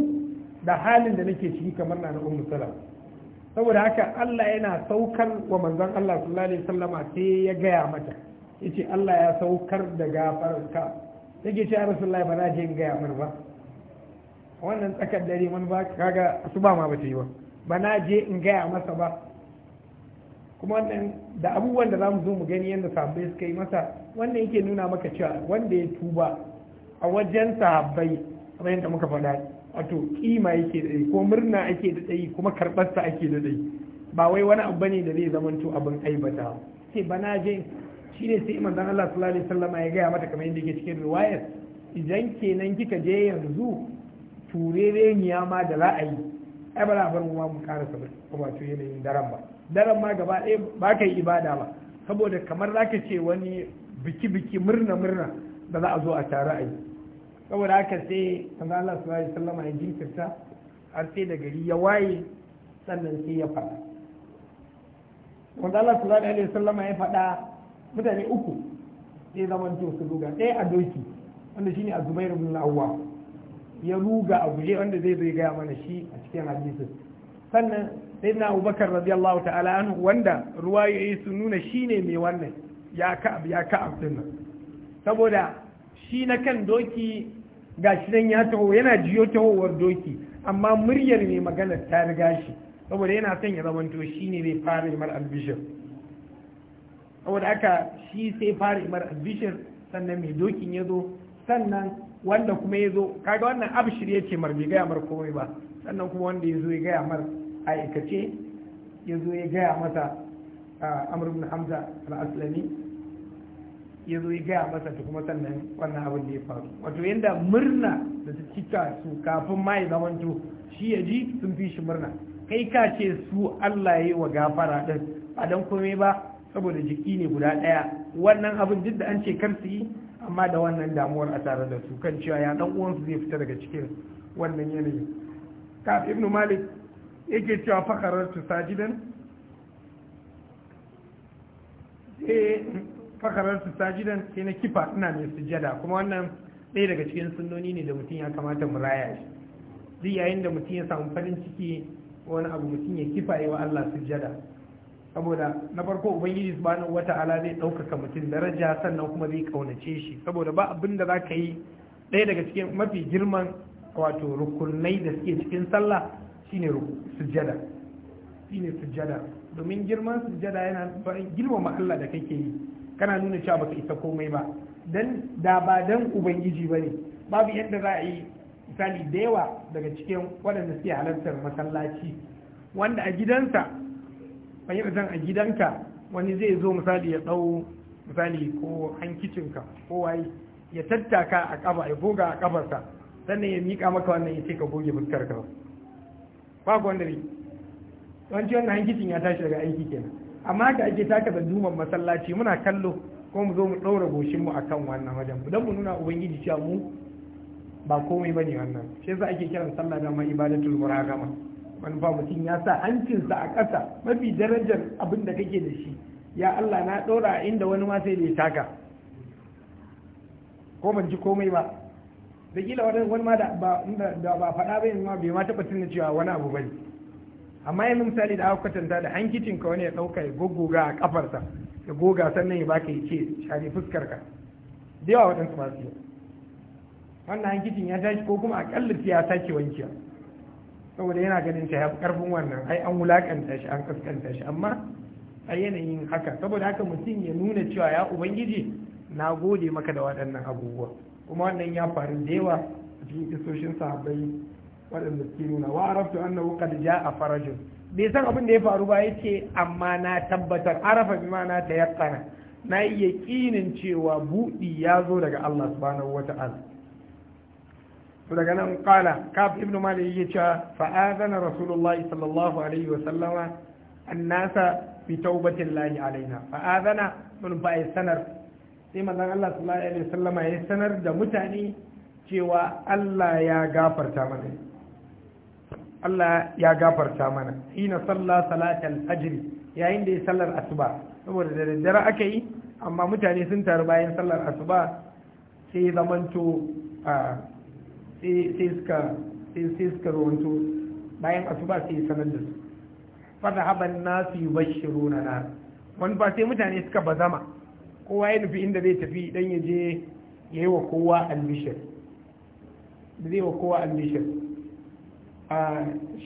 da halin da nake ciki kamar na na ummu salama saboda haka allah yana saukar wa manzan allah sallallahu alaihi wasallama sai ya gaya mata ce allah ya saukar da gafararka take cewa rasulullahi ba na je in gaya mana ba wannan tsakar dare man ba kaga su ba ma ba ta yi ba ba na je in gaya masa ba kuma wannan da abubuwan da za mu zo mu gani yadda sahabbai suka yi masa wannan yake nuna maka cewa wanda ya tuba a wajen sahabbai kamar yadda muka faɗa wato kima yake da ko murna ake da tsayi kuma karɓarsa ake da tsayi ba wai wani abu bane da zai zamanto abin aibata sai bana je shi ne sai manzon Allah sallallahu alaihi wasallam ya gaya mata kamar yadda yake cikin riwayar idan kenan kika je yanzu ne ma da za a yi ai ba za a bar mu ma mu karasa ba wato yanayin daren ba daren ma gaba ɗaya ba ka yi ibada ba saboda kamar za ka ce wani biki-biki murna-murna da za a zo a tare a yi saboda haka sai manzo Allah sallallahu alaihi wasallam ya jinkirta har sai da gari ya waye sannan sai ya faɗa wanda Allah sallallahu alaihi wasallam ya faɗa mutane uku sai zaman to su ruga ɗaya a doki wanda shine a Zubairu ibn Awwa ya ruga a guje wanda zai zai gaya mana shi a cikin hadisi sannan sai na abubakar radiyallahu ta'ala anhu wanda ruwayoyi sun nuna shi ne mai wannan ya ka'ab ya din nan saboda shi na kan doki ga shi nan ya taho yana jiyo tahowar doki amma muryar mai maganar ta riga shi saboda yana son ya zamanto shi ne mai fara imar albishir saboda aka shi sai fara imar albishir sannan mai dokin ya zo sannan wanda kuma ya zo kaga wannan abu ya ce mar bai gaya mar komai ba sannan kuma wanda ya zo ya gaya mar aikace ya zo ya gaya masa amur bin hamza al'aslami ya zo ya gaya masa ta kuma sannan wannan abin da ya faru wato yadda murna da ta cika su kafin ma ya zamanto shi ya ji sun fi shi murna kai ka ce su Allah ya yi wa gafara din ba dan komai ba saboda jiki ne guda ɗaya wannan abin duk da an ce kar su yi amma da wannan damuwar a tare da su kan cewa ya dan uwansu zai fita daga cikin wannan yanayi kafin ibnu malik yake cewa fakarar tu sajidan eh, fakarar tu sai na kifa ina mai sujada kuma wannan ɗaya daga cikin sunnoni ne da mutum ya kamata mu raya shi zai yayin da mutum ya samu farin ciki wani abu mutum ya kifa yi wa Allah sujada saboda na farko ubangiji subhanahu ta'ala zai ɗaukaka mutum daraja sannan kuma zai kaunace shi saboda ba abin da za ka yi ɗaya daga cikin mafi girman wato rukunai da suke cikin sallah shine sujjada shine sujjada domin girman sujada yana girmama Allah da kake yi kana nuna cewa baka isa komai ba dan da ba dan ubangiji bane babu yadda za a yi misali da yawa daga cikin waɗanda suke halartar masallaci wanda a gidansa a gidanka wani zai zo misali ya ɗau misali ko hankicinka ko waye ya tattaka a ƙafa ya goga a ƙafarsa sannan ya miƙa maka wannan ya ce ka goge ka ba wanda wanda bai ci wannan hankicin ya tashi daga aiki kenan amma da ake taka da duman masallaci muna kallo ko mu zo mu ɗaura goshin mu akan wannan wajen don mu nuna ubangiji cewa mu ba komai bane wannan shi yasa ake kiran sallah da ma ibadatul muragama manufa mutum ya sa hancinsa a ƙasa mafi darajar abin da kake da shi ya Allah na ɗora inda wani ma sai da ya taka ko ban ji komai ba da kila wani ma da ba faɗa ba ma bai ma taɓa da cewa wani abu bane amma yanzu misali da aka kwatanta da hankicin ka wani ya ɗauka ya goggoga a ƙafarsa ya goga sannan ya baka ya ce share fuskar ka da yawa waɗansu ba su yi wannan hankicin ya tashi ko kuma aƙalla sai ya sake wankiya saboda yana ganin ta ya ƙarfin wannan ai an wulaƙanta shi an ƙasƙanta shi amma a yanayin haka saboda haka mutum ya nuna cewa ya ubangiji na gode maka da waɗannan abubuwa kuma wannan ya faru da yawa a cikin kisoshin sahabbai waɗanda suke nuna wa araftu annahu qad jaa farajun bai san abin da ya faru ba yace amma na tabbatar arafa ma na tayaqqana na yi yaƙinin cewa buɗi ya zo daga Allah subhanahu wa to daga nan kala kaf ibn malik yake cewa fa azana rasulullahi sallallahu alaihi wa sallama annasa bi taubatin alaina fa azana mun fa sanar sai mazan Allah sallallahu alaihi wasallama ya sanar da mutane cewa Allah ya gafarta mana Allah ya gafarta mana hina salla salatal fajr yayin da ya sallar asuba saboda da daddare aka yi amma mutane sun taru bayan sallar asuba sai zamanto sai suka sai suka rawanto bayan asuba sai sanar da su fata haban nasu yi bashiru na wani ba sai mutane suka bazama kowa ya nufi inda zai tafi dan ya je ya yi wa kowa albishir zai wa kowa albishir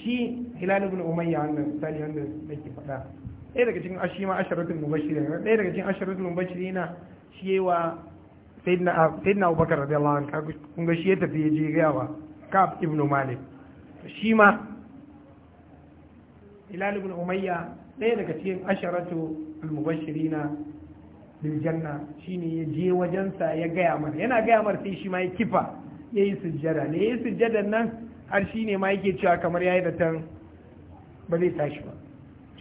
shi hilal ibn umayya wannan misali wanda nake faɗa ɗaya daga cikin ashi ma asharatul mubashirin ɗaya daga cikin asharatul mubashirin shi yayi wa sayyidina abubakar radiyallahu anhu kun ga shi ya tafi ya je ga yawa kaf ibn malik shi ma hilal ibn umayya ɗaya daga cikin asharatul mubashirin bil janna shine ya je wajensa ya gaya mana yana gaya mana sai shi ma ya kifa ya yi sujjada ne ya yi sujjadan nan har shi ne ma yake cewa kamar ya yi da tan ba zai tashi ba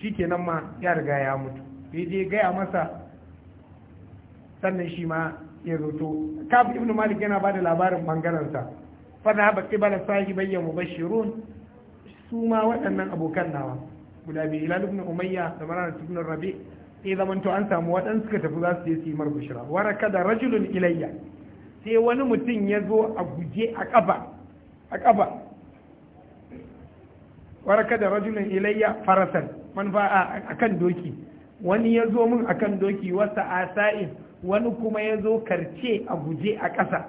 shi kenan ma ya riga ya mutu ya je gaya masa sannan shi ma ya roto kafin ibnu malik yana ba da labarin bangarensa fana haɓa sahi bayya mubashirun su ma waɗannan abokan nawa guda biyu ilal ibn umayya da marar ibn rabi' sai zaman to an samu waɗansu suka tafi za su je su yi mar bushra waraka da rajulun ilayya sai wani mutum ya zo a guje a ƙaba a ƙaba wara kada rajulun ilayya farasan manfa a kan doki wani ya zo min a kan doki wasa sa'in wani kuma ya zo karce a guje a ƙasa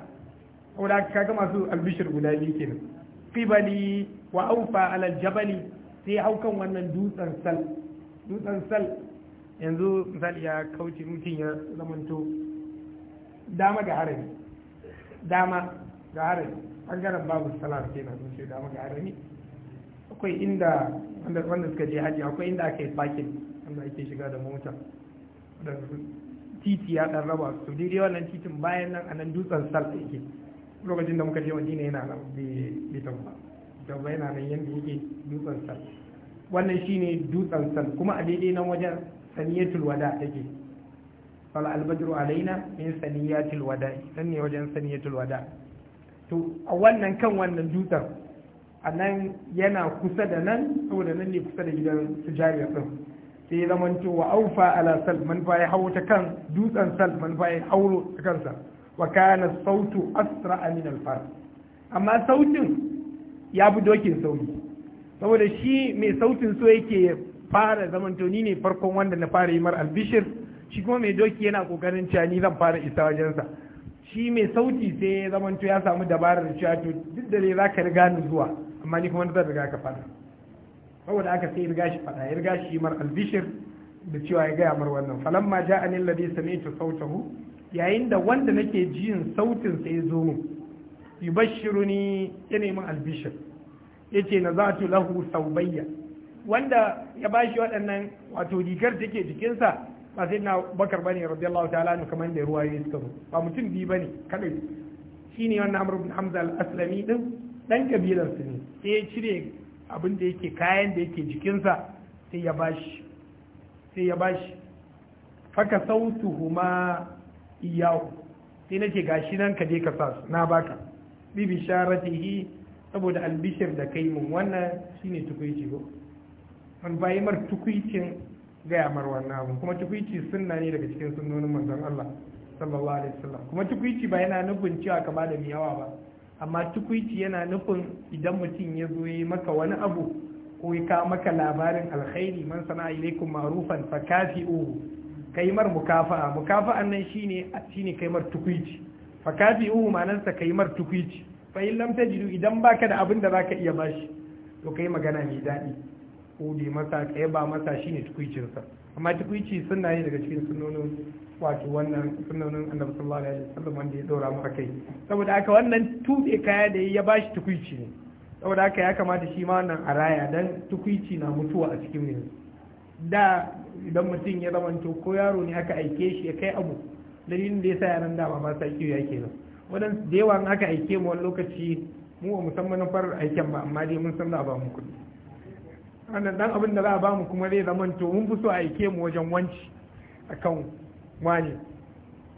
saboda kaga masu albishir guda biyu kenan qibali wa aufa alal jabali sai haukan wannan dutsen sal dutsen sal yanzu misali ya kauce mutum ya zamanto dama ga harami dama ga harami ɓangaren babu salar kenan sun dama ga harami akwai inda wanda suka je hajji akwai inda aka yi fakin wanda ake shiga da mota da titi ya dan raba su daidai wannan titin bayan nan a nan dutsen sal yake lokacin da muka je madina yana nan bai da tamba yana nan yadda yake dutsen sal wannan shine dutsen sal kuma a daidai nan wajen saniyatul wada take fal albadru alaina min saniyatil wada dan ne wajen saniyatul wada to a wannan kan wannan dutsen anan yana kusa da nan saboda nan ne kusa da gidan su din sai ya zama wa aufa ala sal man fa ya hawo kan dutsen sal man fa ya hauro ta kansa wa kana sautu asra min al amma sautin ya bi dokin sauri saboda shi mai sautin so yake fara zaman ni ne farkon wanda na fara yi mar albishir shi kuma mai doki yana kokarin cewa ni zan fara isa wajensa shi mai sauti sai ya zamanto ya samu dabarar cewa to duk da za ka riga ni zuwa amma ni kuma zan riga ka fara saboda aka sai riga shi fada ya riga shi mar albishir da cewa ya gaya mar wannan falamma ja'ani alladhi sami'tu sautahu yayin da wanda nake jin sautin sai ya zo mu yubashiruni yana min albishir yace na nazatu lahu saubayya wanda ya bashi waɗannan wato rigar take jikinsa ba sai na bakar ba ne bane Allah ta'ala anhu kamar da ruwa ya suka ba mutum biyu ne kadai ne wannan amr ibn hamza al-aslami din dan kabilar ne sai ya cire abin da yake kayan da yake jikinsa sai ya bashi sai ya bashi faka sautuhuma iyahu sai nace gashi nan ka je ka sa su na baka bi bisharatihi saboda albishir da kai mun wannan shine tukuici ko man bayi mar tukuicin gaya mar wannan abun kuma tukuici sunna ne daga cikin sunnonin manzon Allah sallallahu alaihi wasallam kuma tukuici ba yana nufin cewa ka bada miyawa ba amma tukuici yana nufin idan mutum ya zo yi maka wani abu ko ya ka maka labarin alkhairi man sana ilaikum ma'rufan fakafi'u kaimar mukafa'a mukafa'an nan shine shine kaimar tukuici fakafi'u ma'anarsa kaimar tukuici fa in lam tajidu idan baka da abin da zaka iya bashi to kai magana mai daɗi kode masa ka yaba masa shine tukwicinsa amma tukwici suna yi daga cikin sunonin wato wannan sunonin annabi sallallahu alaihi wasallam wanda ya dora maka kai saboda haka wannan tube kaya da ya bashi tukwici ne saboda haka ya kamata shi ma wannan a raya dan tukwici na mutuwa a cikin yanzu da idan mutum ya zamanto ko yaro ne aka aike shi ya kai abu dalilin da ya sa yaran dama ba sa kiyo yake nan wadan da yawa aka aike mu wani lokaci mu musamman farar aiken ba amma dai mun san da ba mu kuɗi wannan dan abin da za a ba mu kuma zai zama to mun fi so a aike mu wajen wanci akan wani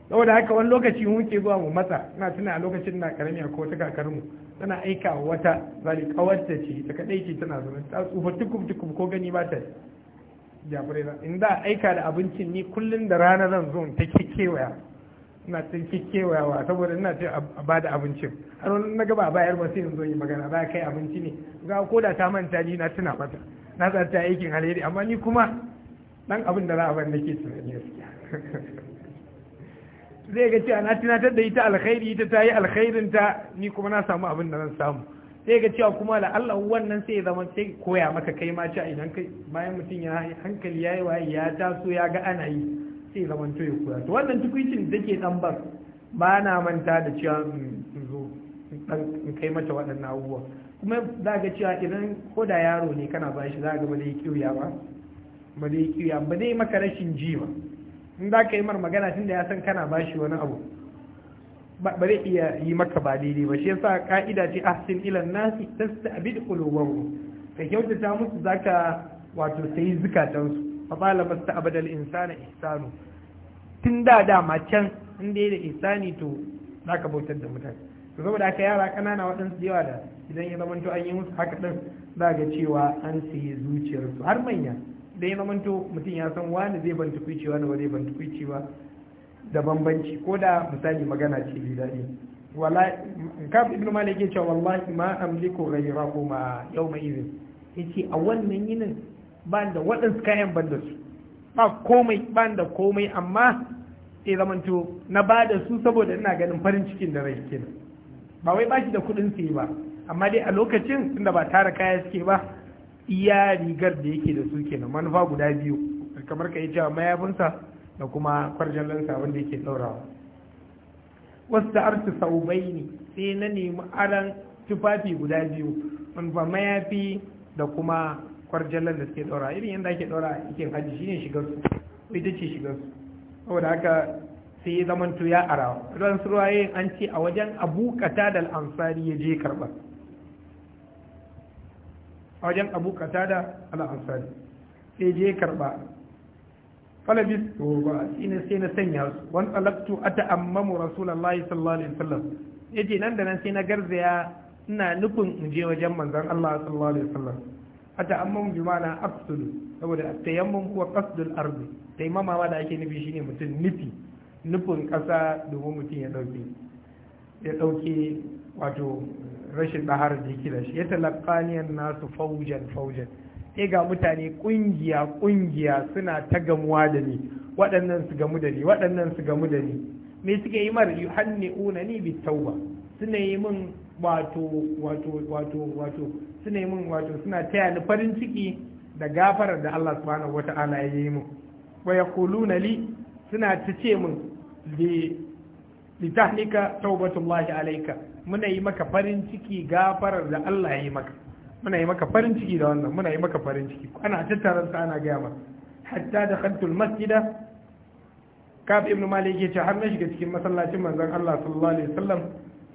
saboda haka wani lokaci mun ke zuwa mu matsa, na tuna a lokacin na karami a kakar mu, tana aika wata zali kawarta ce ta kadai ce tana zama ta tsufa tukub tukub ko gani ba ta jafure in za aika da abincin ni kullum da rana zan zo ta kewaya na cin kekewayawa saboda ina ce a ba da abincin har wani na gaba bayar ba sai in zo yi magana ba kai abinci ne ga ko da ta manta ni na tuna mata na tsarta aikin alheri amma ni kuma dan abin da za a bar nake tunani zai ga cewa na tunatar da ita alkhairi ita ta yi alkhairin ta ni kuma na samu abin da zan samu sai ga cewa kuma da Allah wannan sai ya zama sai koya maka kai ma a idan kai bayan mutum ya hankali ya yi waye ya taso ya ga ana yi sai zaman to ya koya to wannan tukuicin da ke dan bar ba na manta da cewa in zo in kai mata waɗannan abubuwa kuma za ga cewa idan koda yaro ne kana ba shi za ga ba zai kiyoya ba ba zai kiyoya ba zai maka rashin ji ba in za ka yi mar magana tun da ya san kana ba shi wani abu ba zai iya yi maka ba daidai ba shi yasa ka'ida ce ahsin ilan nasi tasta abid qulubuhum ka kyautata musu zaka wato sai zukatansu fa talaba ta'abada al-insana ihsanu tun da dama can in dai da ihsani to za ka bautar da mutane to saboda aka yara kanana waɗansu yawa da idan ya zamanto an yi musu haka ɗin, za ga cewa an siye zuciyarsu har manya idan ya zamanto mutum ya san wani zai ban tukuici wani ba zai ban tukuici ba da bambanci ko da misali magana ce bi daɗi wala kaf ibnu malik ya ce wallahi ma amliku ghayrahuma yawma idhin yace a wannan yinin ban da waɗansu kayan ban da su ba komai ban da komai amma sai zamanto na ba da su saboda ina ganin farin cikin da rai kenan ba wai ba shi da kuɗin su ba amma dai a lokacin tunda ba tara kaya suke ba iya rigar da yake da su kenan manufa guda biyu kamar ka yi cewa mayafinsa da kuma lansa wanda yake ɗaurawa wasu da arti bai ne sai na nemi aran tufafi guda biyu manufa mayafi da kuma kwarjallar da suke ɗora irin yadda ake ɗora ikin hajji shi ne shigar su ko ita ce shigar su saboda haka sai zaman to ya ara ran surwaye an ce a wajen abu kata da al'ansari ya je karba a wajen abu kata da al'ansari sai je karɓa falabis to ba shi ne sai na sanya su wani wan a ta'ammamu rasulallah sallallahu alaihi wasallam ce nan da nan sai na garzaya ina nufin in je wajen manzan Allah sallallahu alaihi wasallam ata'ammamu bi ma'ana aqsul saboda tayammum huwa qasdul ard taimama ma da ake nufi shine mutum nufi nufin kasa domin mutum ya dauke ya dauke wato rashin dahar da yake da shi ya an nasu faujan faujan sai ga mutane kungiya kungiya suna ta gamuwa da ni waɗannan su gamu da ni waɗannan su gamu da ni me suke yi mar yuhanni'una ni bi tauba suna yi min wato wato wato wato suna yi min wato suna taya ni farin ciki da gafarar da Allah subhanahu wata'ala ya yi min wa yaquluna li suna ta ce min li litahnika taubatullahi alayka muna yi maka farin ciki gafarar da Allah ya yi maka muna yi maka farin ciki da wannan muna yi maka farin ciki ana tattara su ana gaya ma hatta da khantul masjida kaf ibn malik ya ce har na shiga cikin masallacin manzon Allah sallallahu alaihi wasallam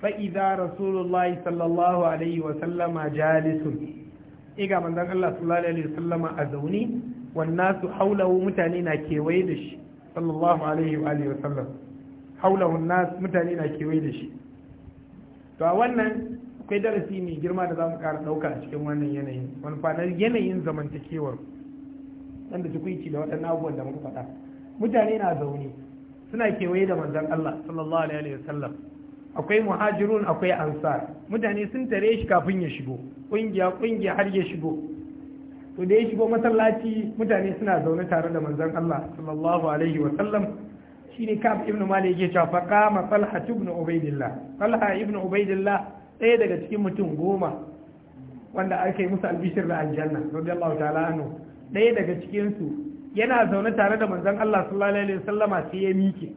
fa'iza rasulullahi sallallahu alaihi wasallama jalisun iga manzan Allah sallallahu alaihi wasallama a zaune wannasu haulawu mutane na kewaye da shi sallallahu alaihi wa sallam haulawun nas mutane na kewaye da shi to a wannan akwai darasi mai girma da za mu ƙara ɗauka a cikin wannan yanayin wani fanar yanayin zamantakewar dan su tukuici da waɗannan abubuwan da muka faɗa mutane na zaune suna kewaye da manzan Allah sallallahu alaihi wa sallam akwai muhajirun akwai ansar mutane sun tare shi kafin ya shigo kungiya kungiya har ya shigo to da ya shigo masallaci mutane suna zaune tare da manzon Allah sallallahu alaihi wa sallam shine kaf ibn Malik yake cewa fa qama Talha ibn Ubaidillah Talha ibn Ubaidillah ɗaya daga cikin mutum goma wanda aka yi musu albishir da aljanna radiyallahu ta'ala anhu ɗaya daga cikin su yana zaune tare da manzon Allah sallallahu alaihi wa sallama sai ya miƙe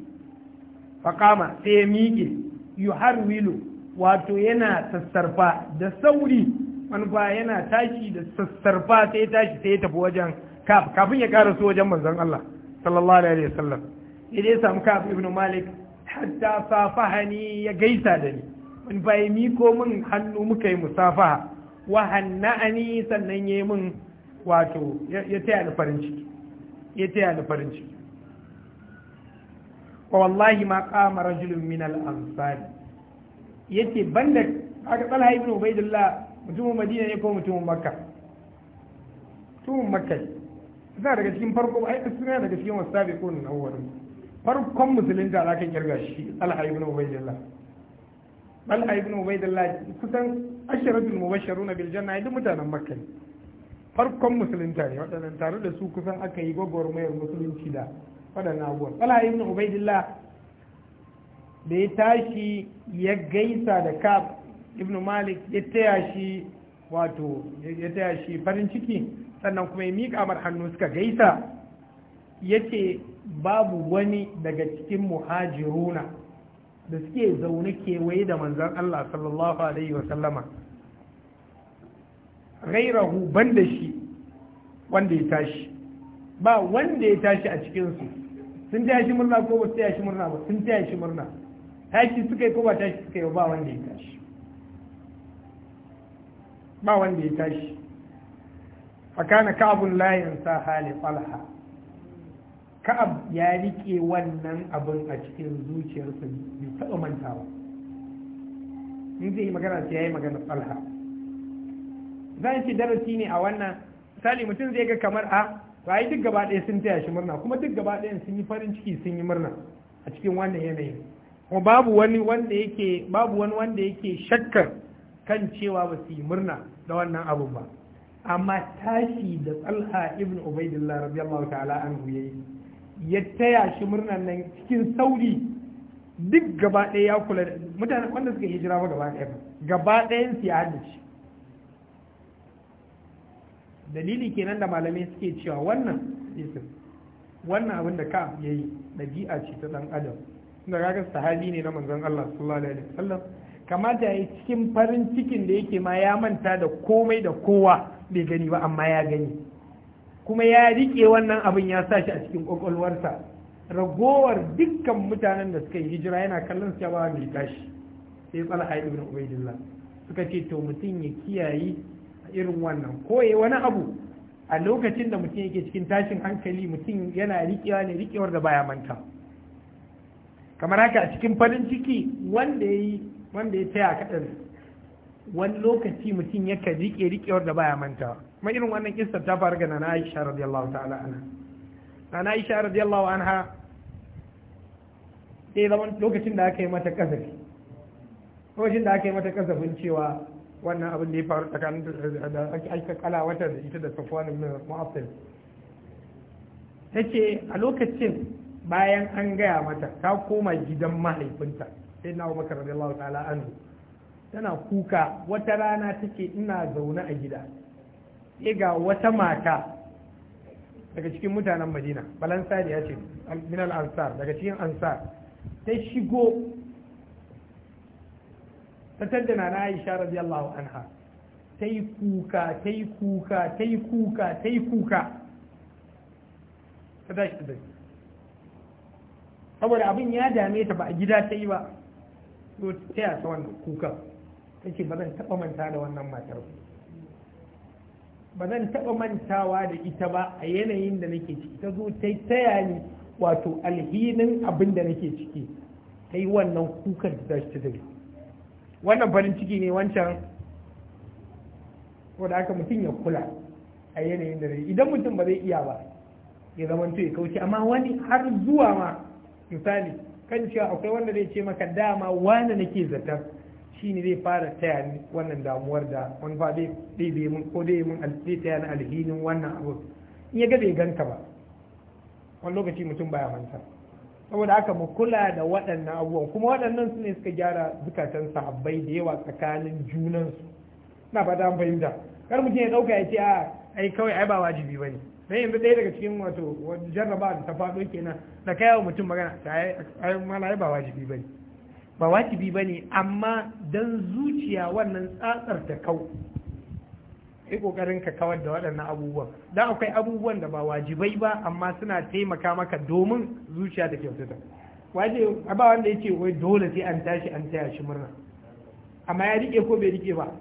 fa qama sai ya miƙe yuharwilu wato yana sassarfa da sauri manufa yana tashi da sassarfa sai tashi sai tafi wajen kaf kafin ya su wajen manzon Allah sallallahu alaihi wasallam idai ya samu kaf ibn malik hatta safahani ya gaisa da ni in ya miko min hannu muka yi musafa wa hanna'ani sannan yayi min wato ya taya da farin ya taya ni farin ciki fa wallahi ma kama rajulun min al ansari yace banda kaga talha ibn ubaidillah mutumin madina ne ko mutumin makka mutumin makka suna daga cikin farko ai suna daga cikin wasabi ko nan awwalin farkon musulunta da aka kirga shi talha ibn ubaidillah talha ibn ubaidillah kusan asharatul mubashsharuna bil janna duk mutanen makka ne farkon musulunta ne waɗannan tare da su kusan aka yi gwagwarmayar musulunci da waɗannan abubuwan tsala ibn ubaidillah da ya tashi ya gaisa da kab ibn malik ya taya shi wato ya taya shi farin ciki sannan kuma ya miƙa mar hannu suka gaisa ya ce babu wani daga cikin muhajiruna da suke zaune kewaye da manzan Allah sallallahu alaihi wasallama rairahu ban da shi wanda ya tashi ba wanda ya tashi a cikinsu sun taya shi murna ko ba su taya shi murna ba sun taya shi murna tashi suka yi ko ba tashi suka yi ba wanda ya tashi ba wanda ya tashi fakana ka'abun layin sa hali falha ka'ab ya rike wannan abin a cikin zuciyarsa bai taɓa mantawa in zai yi magana sai ya yi magana falha zan ci darasi ne a wannan misali mutum zai ga kamar a ah, to ai duk gaba ɗaya sun taya shi murna kuma duk gaba ɗayan sun yi farin ciki sun yi murna a cikin wannan yanayin kuma babu wani wanda yake babu wani wanda yake shakkar kan cewa ba su yi murna da wannan abu ba amma tashi da tsalha ibn ubaidillah radiyallahu ta'ala anhu yayi ya taya shi murnan nan cikin sauri duk gaba ɗaya ya kula da mutane wanda suka hijira ba gaba ɗaya gaba ɗayan su ya haddace dalili kenan da malamai suke cewa wannan isim wannan abin da ka ya yi ɗabi'a ce ta ɗan adam da kaga sahabi ne na manzon Allah sallallahu alaihi wasallam kamata ya yi cikin farin cikin da yake ma ya manta da komai da kowa bai gani ba amma ya gani kuma ya rike wannan abin ya sa shi a cikin ƙwaƙwalwarsa ragowar dukkan mutanen da suka yi hijira yana kallon su ya ba mai tashi sai talha ibn ubaidillah suka ce to mutum ya kiyaye irin wannan ko ya wani abu a lokacin da mutum yake cikin tashin hankali mutum yana riƙewa ne riƙewar da baya manta kamar haka a cikin farin ciki wanda ya yi wanda ya taya kaɗan wani lokaci mutum yakan riƙe riƙewar da baya manta kuma irin wannan kissa ta faru ga nana Aisha radiyallahu ta'ala anha nana Aisha radiyallahu anha sai zaman lokacin da aka yi mata kazafi lokacin da aka yi mata kazafin cewa wannan abin da ya faru tsakanin da aka kala wata da ita da safwan ma'afin ta ce a lokacin bayan an gaya mata ta koma gidan mahaifinta sai na Abubakar radiyallahu ta'ala anhu tana kuka wata rana take ina zaune a gida sai ga wata mata daga cikin mutanen Madina ya ce min ansar daga cikin ansar ta shigo fitar da nana aisha radiyallahu anha ta yi kuka ta yi kuka ta yi kuka ta yi kuka ta tashi da dare saboda abin ya dame ta ba a gida ta yi ba to ta yasa wannan kuka ta ce ba zan taɓa manta da wannan matar ba zan taɓa mantawa da ita ba a yanayin da nake ciki ta zo ta taya ni wato alhinin abin da nake ciki ta yi wannan kukan da ta dare wannan farin ciki ne wancan wadda aka mutum ya kula a yanayin da zai idan mutum ba zai iya ba ya zama ya kauce amma wani har zuwa ma misali kan cewa akwai wanda zai ce maka dama wanda nake zata shi ne zai fara taya ni wannan damuwar da wani fa zai zai mun ko zai mun zai taya ni alhinin wannan abu in ya ga bai ganka ba wani lokaci mutum baya manta saboda aka mu kula da waɗannan abubuwan kuma waɗannan su ne suka gyara zukatan sahabbai da yawa tsakanin junansu na fata an fahimta kar mutum ya ɗauka ya ce a ah, ai kawai ai ba wajibi ba ne dan yanzu ɗaya daga cikin wato jarraba da ta faɗo kenan da kai wa mutum magana ta ai mala ai ba wajibi ba ne ba wajibi ba ne amma dan zuciya wannan tsatsar ta kau yi kokarin ka kawar da waɗannan abubuwan dan akwai abubuwan da ba wajibai ba amma suna taimaka maka domin zuciya da kyautata waje ba wanda yake wai dole sai an tashi an taya shi murna amma ya rike ko bai rike ba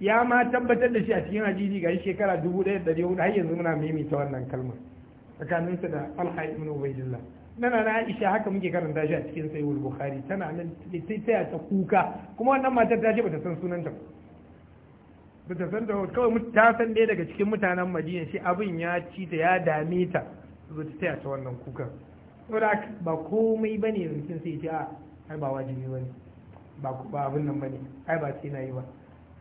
ya ma tabbatar da shi a cikin hadisi ga shekara 1400 har yanzu muna maimaita wannan kalmar tsakaninsa da alha ibn ubaydillah nana na aisha haka muke karanta shi a cikin sayyid bukhari tana nan sai ta ta kuka kuma wannan matar ta ce bata san sunanta ba ba ta san Dawud kawai ta san ɗaya daga cikin mutanen Madina shi abin ya ci ta ya dame ta su ta taya ta wannan kukan saboda ba komai bane rikin sai ta ai ba wajibi bane ba ba abin nan bane ai ba sai na yi ba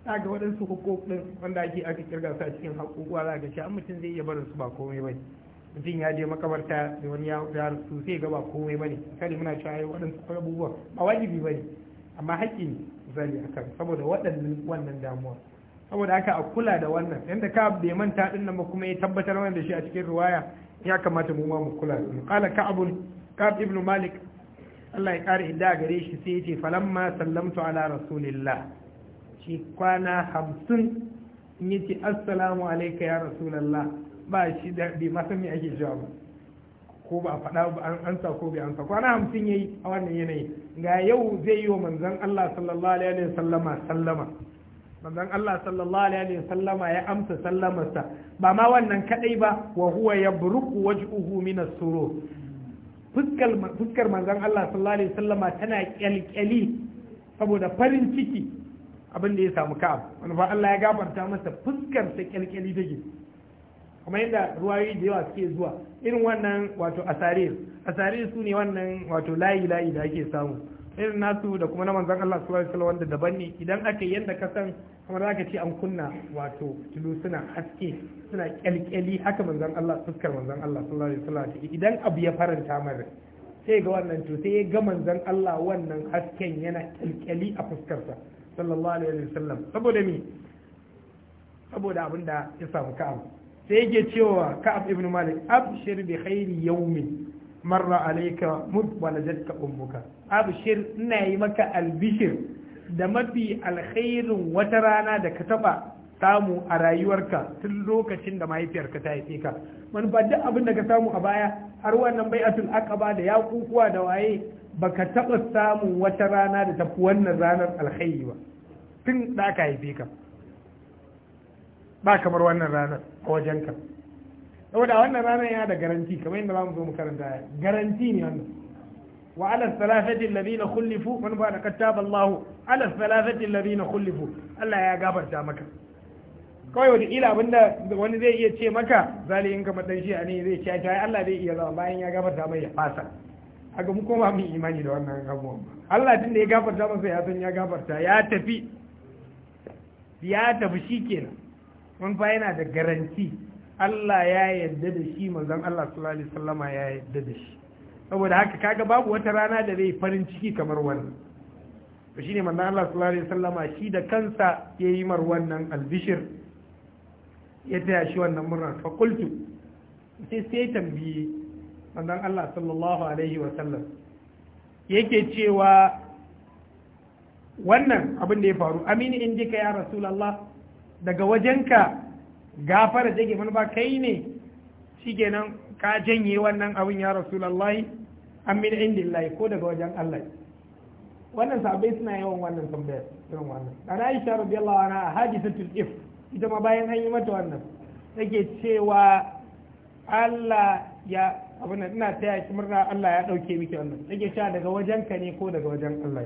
za ga waɗansu hukukin wanda ake aka kirga su a cikin hakukuwa za ga shi an mutum zai iya barin su ba komai bane mutum ya je makabarta da wani ya su sai ga ba komai bane kada muna cewa ai waɗansu abubuwa ba wajibi bane amma haƙƙi ne zali akan saboda waɗannan wannan damuwa saboda aka a kula da wannan abu da bai manta ɗin nan ba kuma ya tabbatar mana da shi a cikin ruwaya ya kamata mu ma mu kula da qala ka abu ibn malik Allah ya kare idda gare shi sai yace falamma sallamtu ala rasulillah shi kwana hamsin in yace assalamu alayka ya rasulullah ba shi da bai masa me ake cewa ba ko ba a faɗa ba an ansa ko bai ansa kwana hamsin yayi a wannan yanayi ga yau zai yi wa manzon Allah sallallahu alaihi wasallama sallama manzon Allah sallallahu alaihi wasallama ya amsa sallamarsa ba ma wannan kadai ba wa huwa yabruku waj'uhu min as-surur fuskar fuskar manzon Allah sallallahu alaihi wasallama tana kyalkyali saboda farin ciki abin da ya samu ka'ab wani fa Allah ya gafarta masa fuskar ta kyalkyali take kuma yadda ruwayoyi da yawa suke zuwa irin wannan wato asarir asarir su ne wannan wato layi layi da ake samu irin nasu da kuma na manzan Allah su wani salwa wanda daban ne idan aka yanda ka san kamar ka ce an kunna wato tulu suna haske suna kyalkyali haka manzan Allah fuskar manzan Allah wani salwa ce idan abu ya faranta mara sai ga wannan to sai ga manzan Allah wannan hasken yana kyalkyali a fuskarsa sallallahu alaihi sallam saboda me saboda abin da ya samu ka'ab sai yake cewa ka'ab ibn malik abshir bi khairi yawmin marra alaika mut waladatka ummuka abshir ina yi maka albishir da mafi alkhairin wata rana da ka taba samu a rayuwarka tun lokacin da mahaifiyarka ta haife ka ba duk abin da ka samu a baya har wannan bai'atul aqaba da ya kukuwa da waye baka taba samun wata rana da tafi wannan ranar alkhairi ba tun da ka haife ka ba kamar wannan ranar a wajenka saboda wannan ranar yana da garanti kamar yadda zamu zo mu karanta garanti ne wannan wa ala thalathati alladhina khulifu man ba kataba Allah ala thalathati alladhina khulifu Allah ya gafarta maka kawai wani ila abinda wani zai iya ce maka zali in kamar dan shi'a ne zai ce ta Allah zai iya zama bayan ya gafarta mai ya fasa haka mu koma mu imani da wannan abubuwan Allah tunda ya gafarta masa ya san ya gafarta ya tafi ya tafi shikenan mun fa yana da garanti Allah ya yadda da shi manzon Allah sallallahu alaihi wasallama ya yadda da shi saboda haka kaga babu wata rana da zai farin ciki kamar wannan to shine manzon Allah sallallahu alaihi wasallama shi da kansa ya yi mar wannan albishir ya taya shi wannan murna fa qultu sai sai tambaye manzon Allah sallallahu alaihi wasallam yake cewa wannan abin da ya faru amini indika ya rasulullah daga wajenka gafara jage take ba kai ne nan ka janye wannan abin ya rasulullahi an min lai ko daga wajen Allah wannan sabai suna yawan wannan tambayar irin wannan dan Aisha radiyallahu anha hadisatul if ita ma bayan an yi mata wannan take cewa Allah ya abin da ina taya ki murna Allah ya dauke miki wannan take cewa daga wajen ka ne ko daga wajen Allah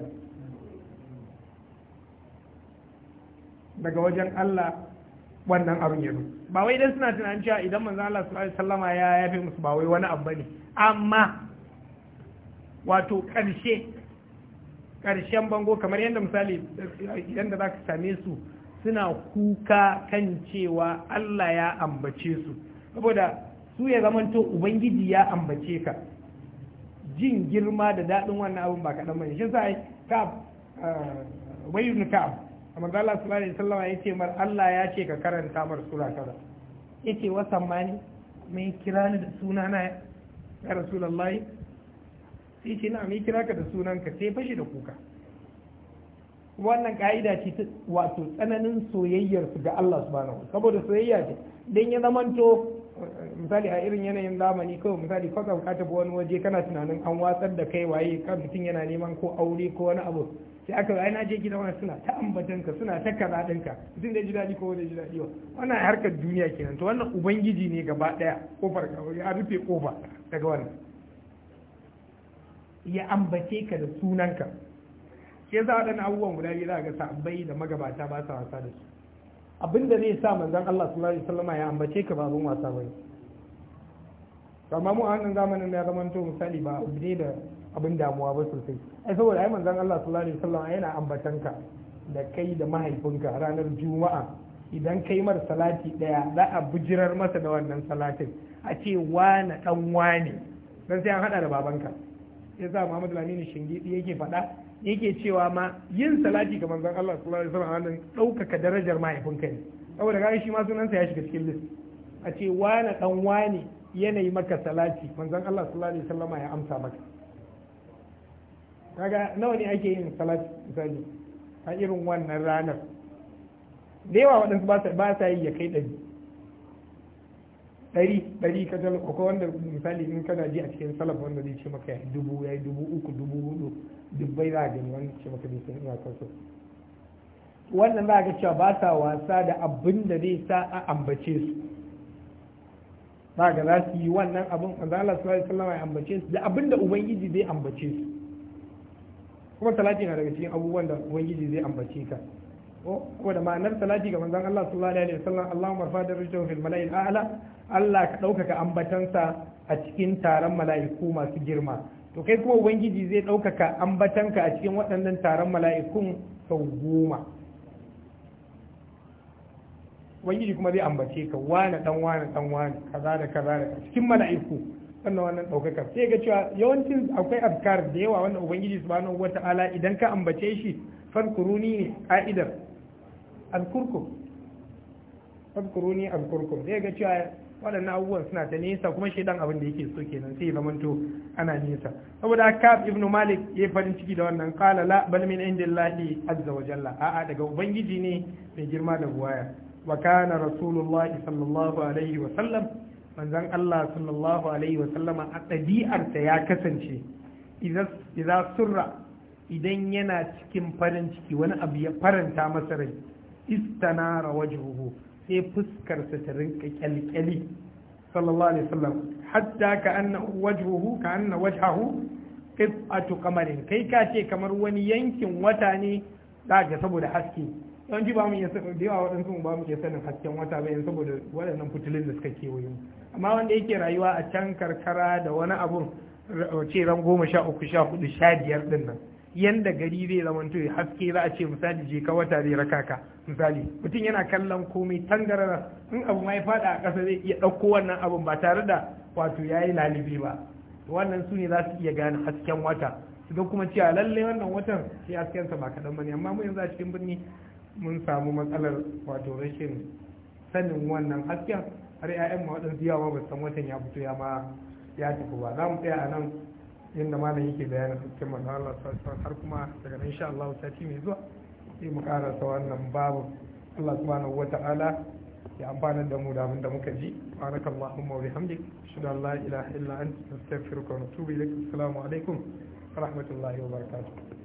daga wajen Allah wannan abin ya ba wai idan suna tunanin cewa idan manzo Allah sallallahu alaihi wasallama ya yafe musu ba wai wani abu bane amma wato karshe karshen bango kamar yadda misali yadda ka same su suna kuka kan cewa Allah ya ambace su saboda su ya zamanto ubangiji ya ambace ka jin girma da daɗin wannan abin ba kaɗan bane shi sa ka wayu ka manzo Allah sallallahu alaihi wasallam yace mar Allah ya ce ka karanta mar sura kaza yace wa sammani me kira ni da suna na ya rasulullahi sai ce na me kira ka da sunan ka sai fashi da kuka wannan ka'ida ce wato tsananin soyayyar su ga Allah subhanahu saboda soyayya ce dan ya zamanto misali a irin yanayin zamani kawai misali ko sauka tafi wani waje kana tunanin an watsar da kai waye kan mutum yana neman ko aure ko wani abu sai aka yi na je gida wani suna ta ambatan ka suna ta kaza din ka mutum da ji daɗi ko da ji daɗi ba wannan harkar duniya kenan to wannan ubangiji ne gaba ɗaya kofar ya rufe kofa daga wannan ya ambace ka da sunanka ke za a dan abubuwan guda biyu za ga sabbai da magabata ba sa wasa da su abinda zai sa manzan Allah sallallahu alaihi wasallam ya ambace ka babun wasa bane amma mu a wannan zamanin ya zama to misali ba abu ne da abin damuwa ba sosai ai saboda ai manzan Allah sallallahu alaihi wasallam yana ambatan ka da kai da mahaifinka ranar juma'a idan kai mar salati daya za a bujirar masa da wannan salatin a ce na dan wane dan sai an hada da babanka yasa Muhammadu Lamini Shingidi yake faɗa yake cewa ma yin salati ga manzon Allah sallallahu alaihi wasallam wannan daukaka darajar mahaifinka ne saboda ga shi ma sunansa ya shiga cikin list a ce wani dan wani yanayi maka salati manzon Allah sallallahu alaihi wasallam ya amsa maka kaga nawa ne ake yin salati misali a irin wannan ranar da yawa waɗansu ba sa yi ya kai ɗari ɗari ɗari ka talaka ko wanda misali in kana ji a cikin salaf wanda zai ce maka dubu ya yi dubu uku dubu hudu dubbai za a gani wanda ce maka bai san ina kansu wannan za ga cewa ba sa wasa da abin da zai sa a ambace su ba ga za su yi wannan abin azala sallallahu alaihi sallama ya ambace su da abin da ubangiji zai ambace su kuma talatin na daga cikin abubuwan da ubangiji zai ambace ka ko da ma'anar salati ga manzon Allah sallallahu alaihi wasallam Allahumma rfa darajahu fil mala'il a'la Allah ka ɗaukaka ambatansa a cikin taron mala'iku masu girma to kai kuma ubangiji zai ɗaukaka ambatanka a cikin waɗannan taron mala'ikun sau goma ubangiji kuma zai ambace ka wani dan wani dan wani kaza da kaza da cikin mala'iku sannan wannan ɗaukaka sai ga cewa yawancin akwai afkar da yawa wanda ubangiji subhanahu wata'ala idan ka ambace shi farkuruni ne ka'idar azkurkum fadkuruni azkurkum zai ga cewa waɗannan abubuwan suna ta nesa kuma shi dan abin da yake so kenan sai zamanto ana nesa saboda kaf ibn malik ya farin ciki da wannan qala la bal min indillahi azza wa jalla a'a daga ubangiji ne mai girma da buwaya wa kana rasulullah sallallahu alaihi wa sallam manzon Allah sallallahu alaihi wa sallama a ɗabi'arsa ya kasance idza surra idan yana cikin farin ciki wani abu ya faranta masa rai istanara wajhuhu sai fuskarsa ta rinka kyalkyali sallallahu alaihi wasallam hatta ka anna wajhuhu ka anna wajhahu qit'atu qamarin kai ka ce kamar wani yankin wata ne zaka saboda haske don ji ba mu iya sanin da yawa waɗansu ba mu iya sanin hasken wata ba saboda waɗannan fitilun da suka kewaye mu amma wanda yake rayuwa a can karkara da wani abun ce ran goma sha uku sha hudu sha biyar din nan yanda gari zai zamanta to haske za a ce misali je ka wata zai raka ka misali mutum yana kallon komai tangarara in abu mai fada a ƙasa zai iya ɗauko wannan abun ba tare da wato ya yi lalibe ba wannan su ne za su iya gane hasken wata su ga kuma cewa lallai wannan watan shi haskensa ba kaɗan ba ne amma mu yanzu a cikin birni mun samu matsalar wato rashin sanin wannan hasken har 'ya'yan ma waɗansu yawa ba san watan ya fito ya ma ya tafi ba za mu tsaya a nan inda malam yake bayanin hakkin manzo Allah sallallahu har kuma daga nan insha Allah sati mai zuwa sai mu karasa wannan babu Allah subhanahu wata'ala ya amfana da mu da mun da muka ji barakallahu wa bihamdik shida an la ilaha illa anta astaghfiruka wa atubu ilaik assalamu alaikum wa rahmatullahi wa barakatuh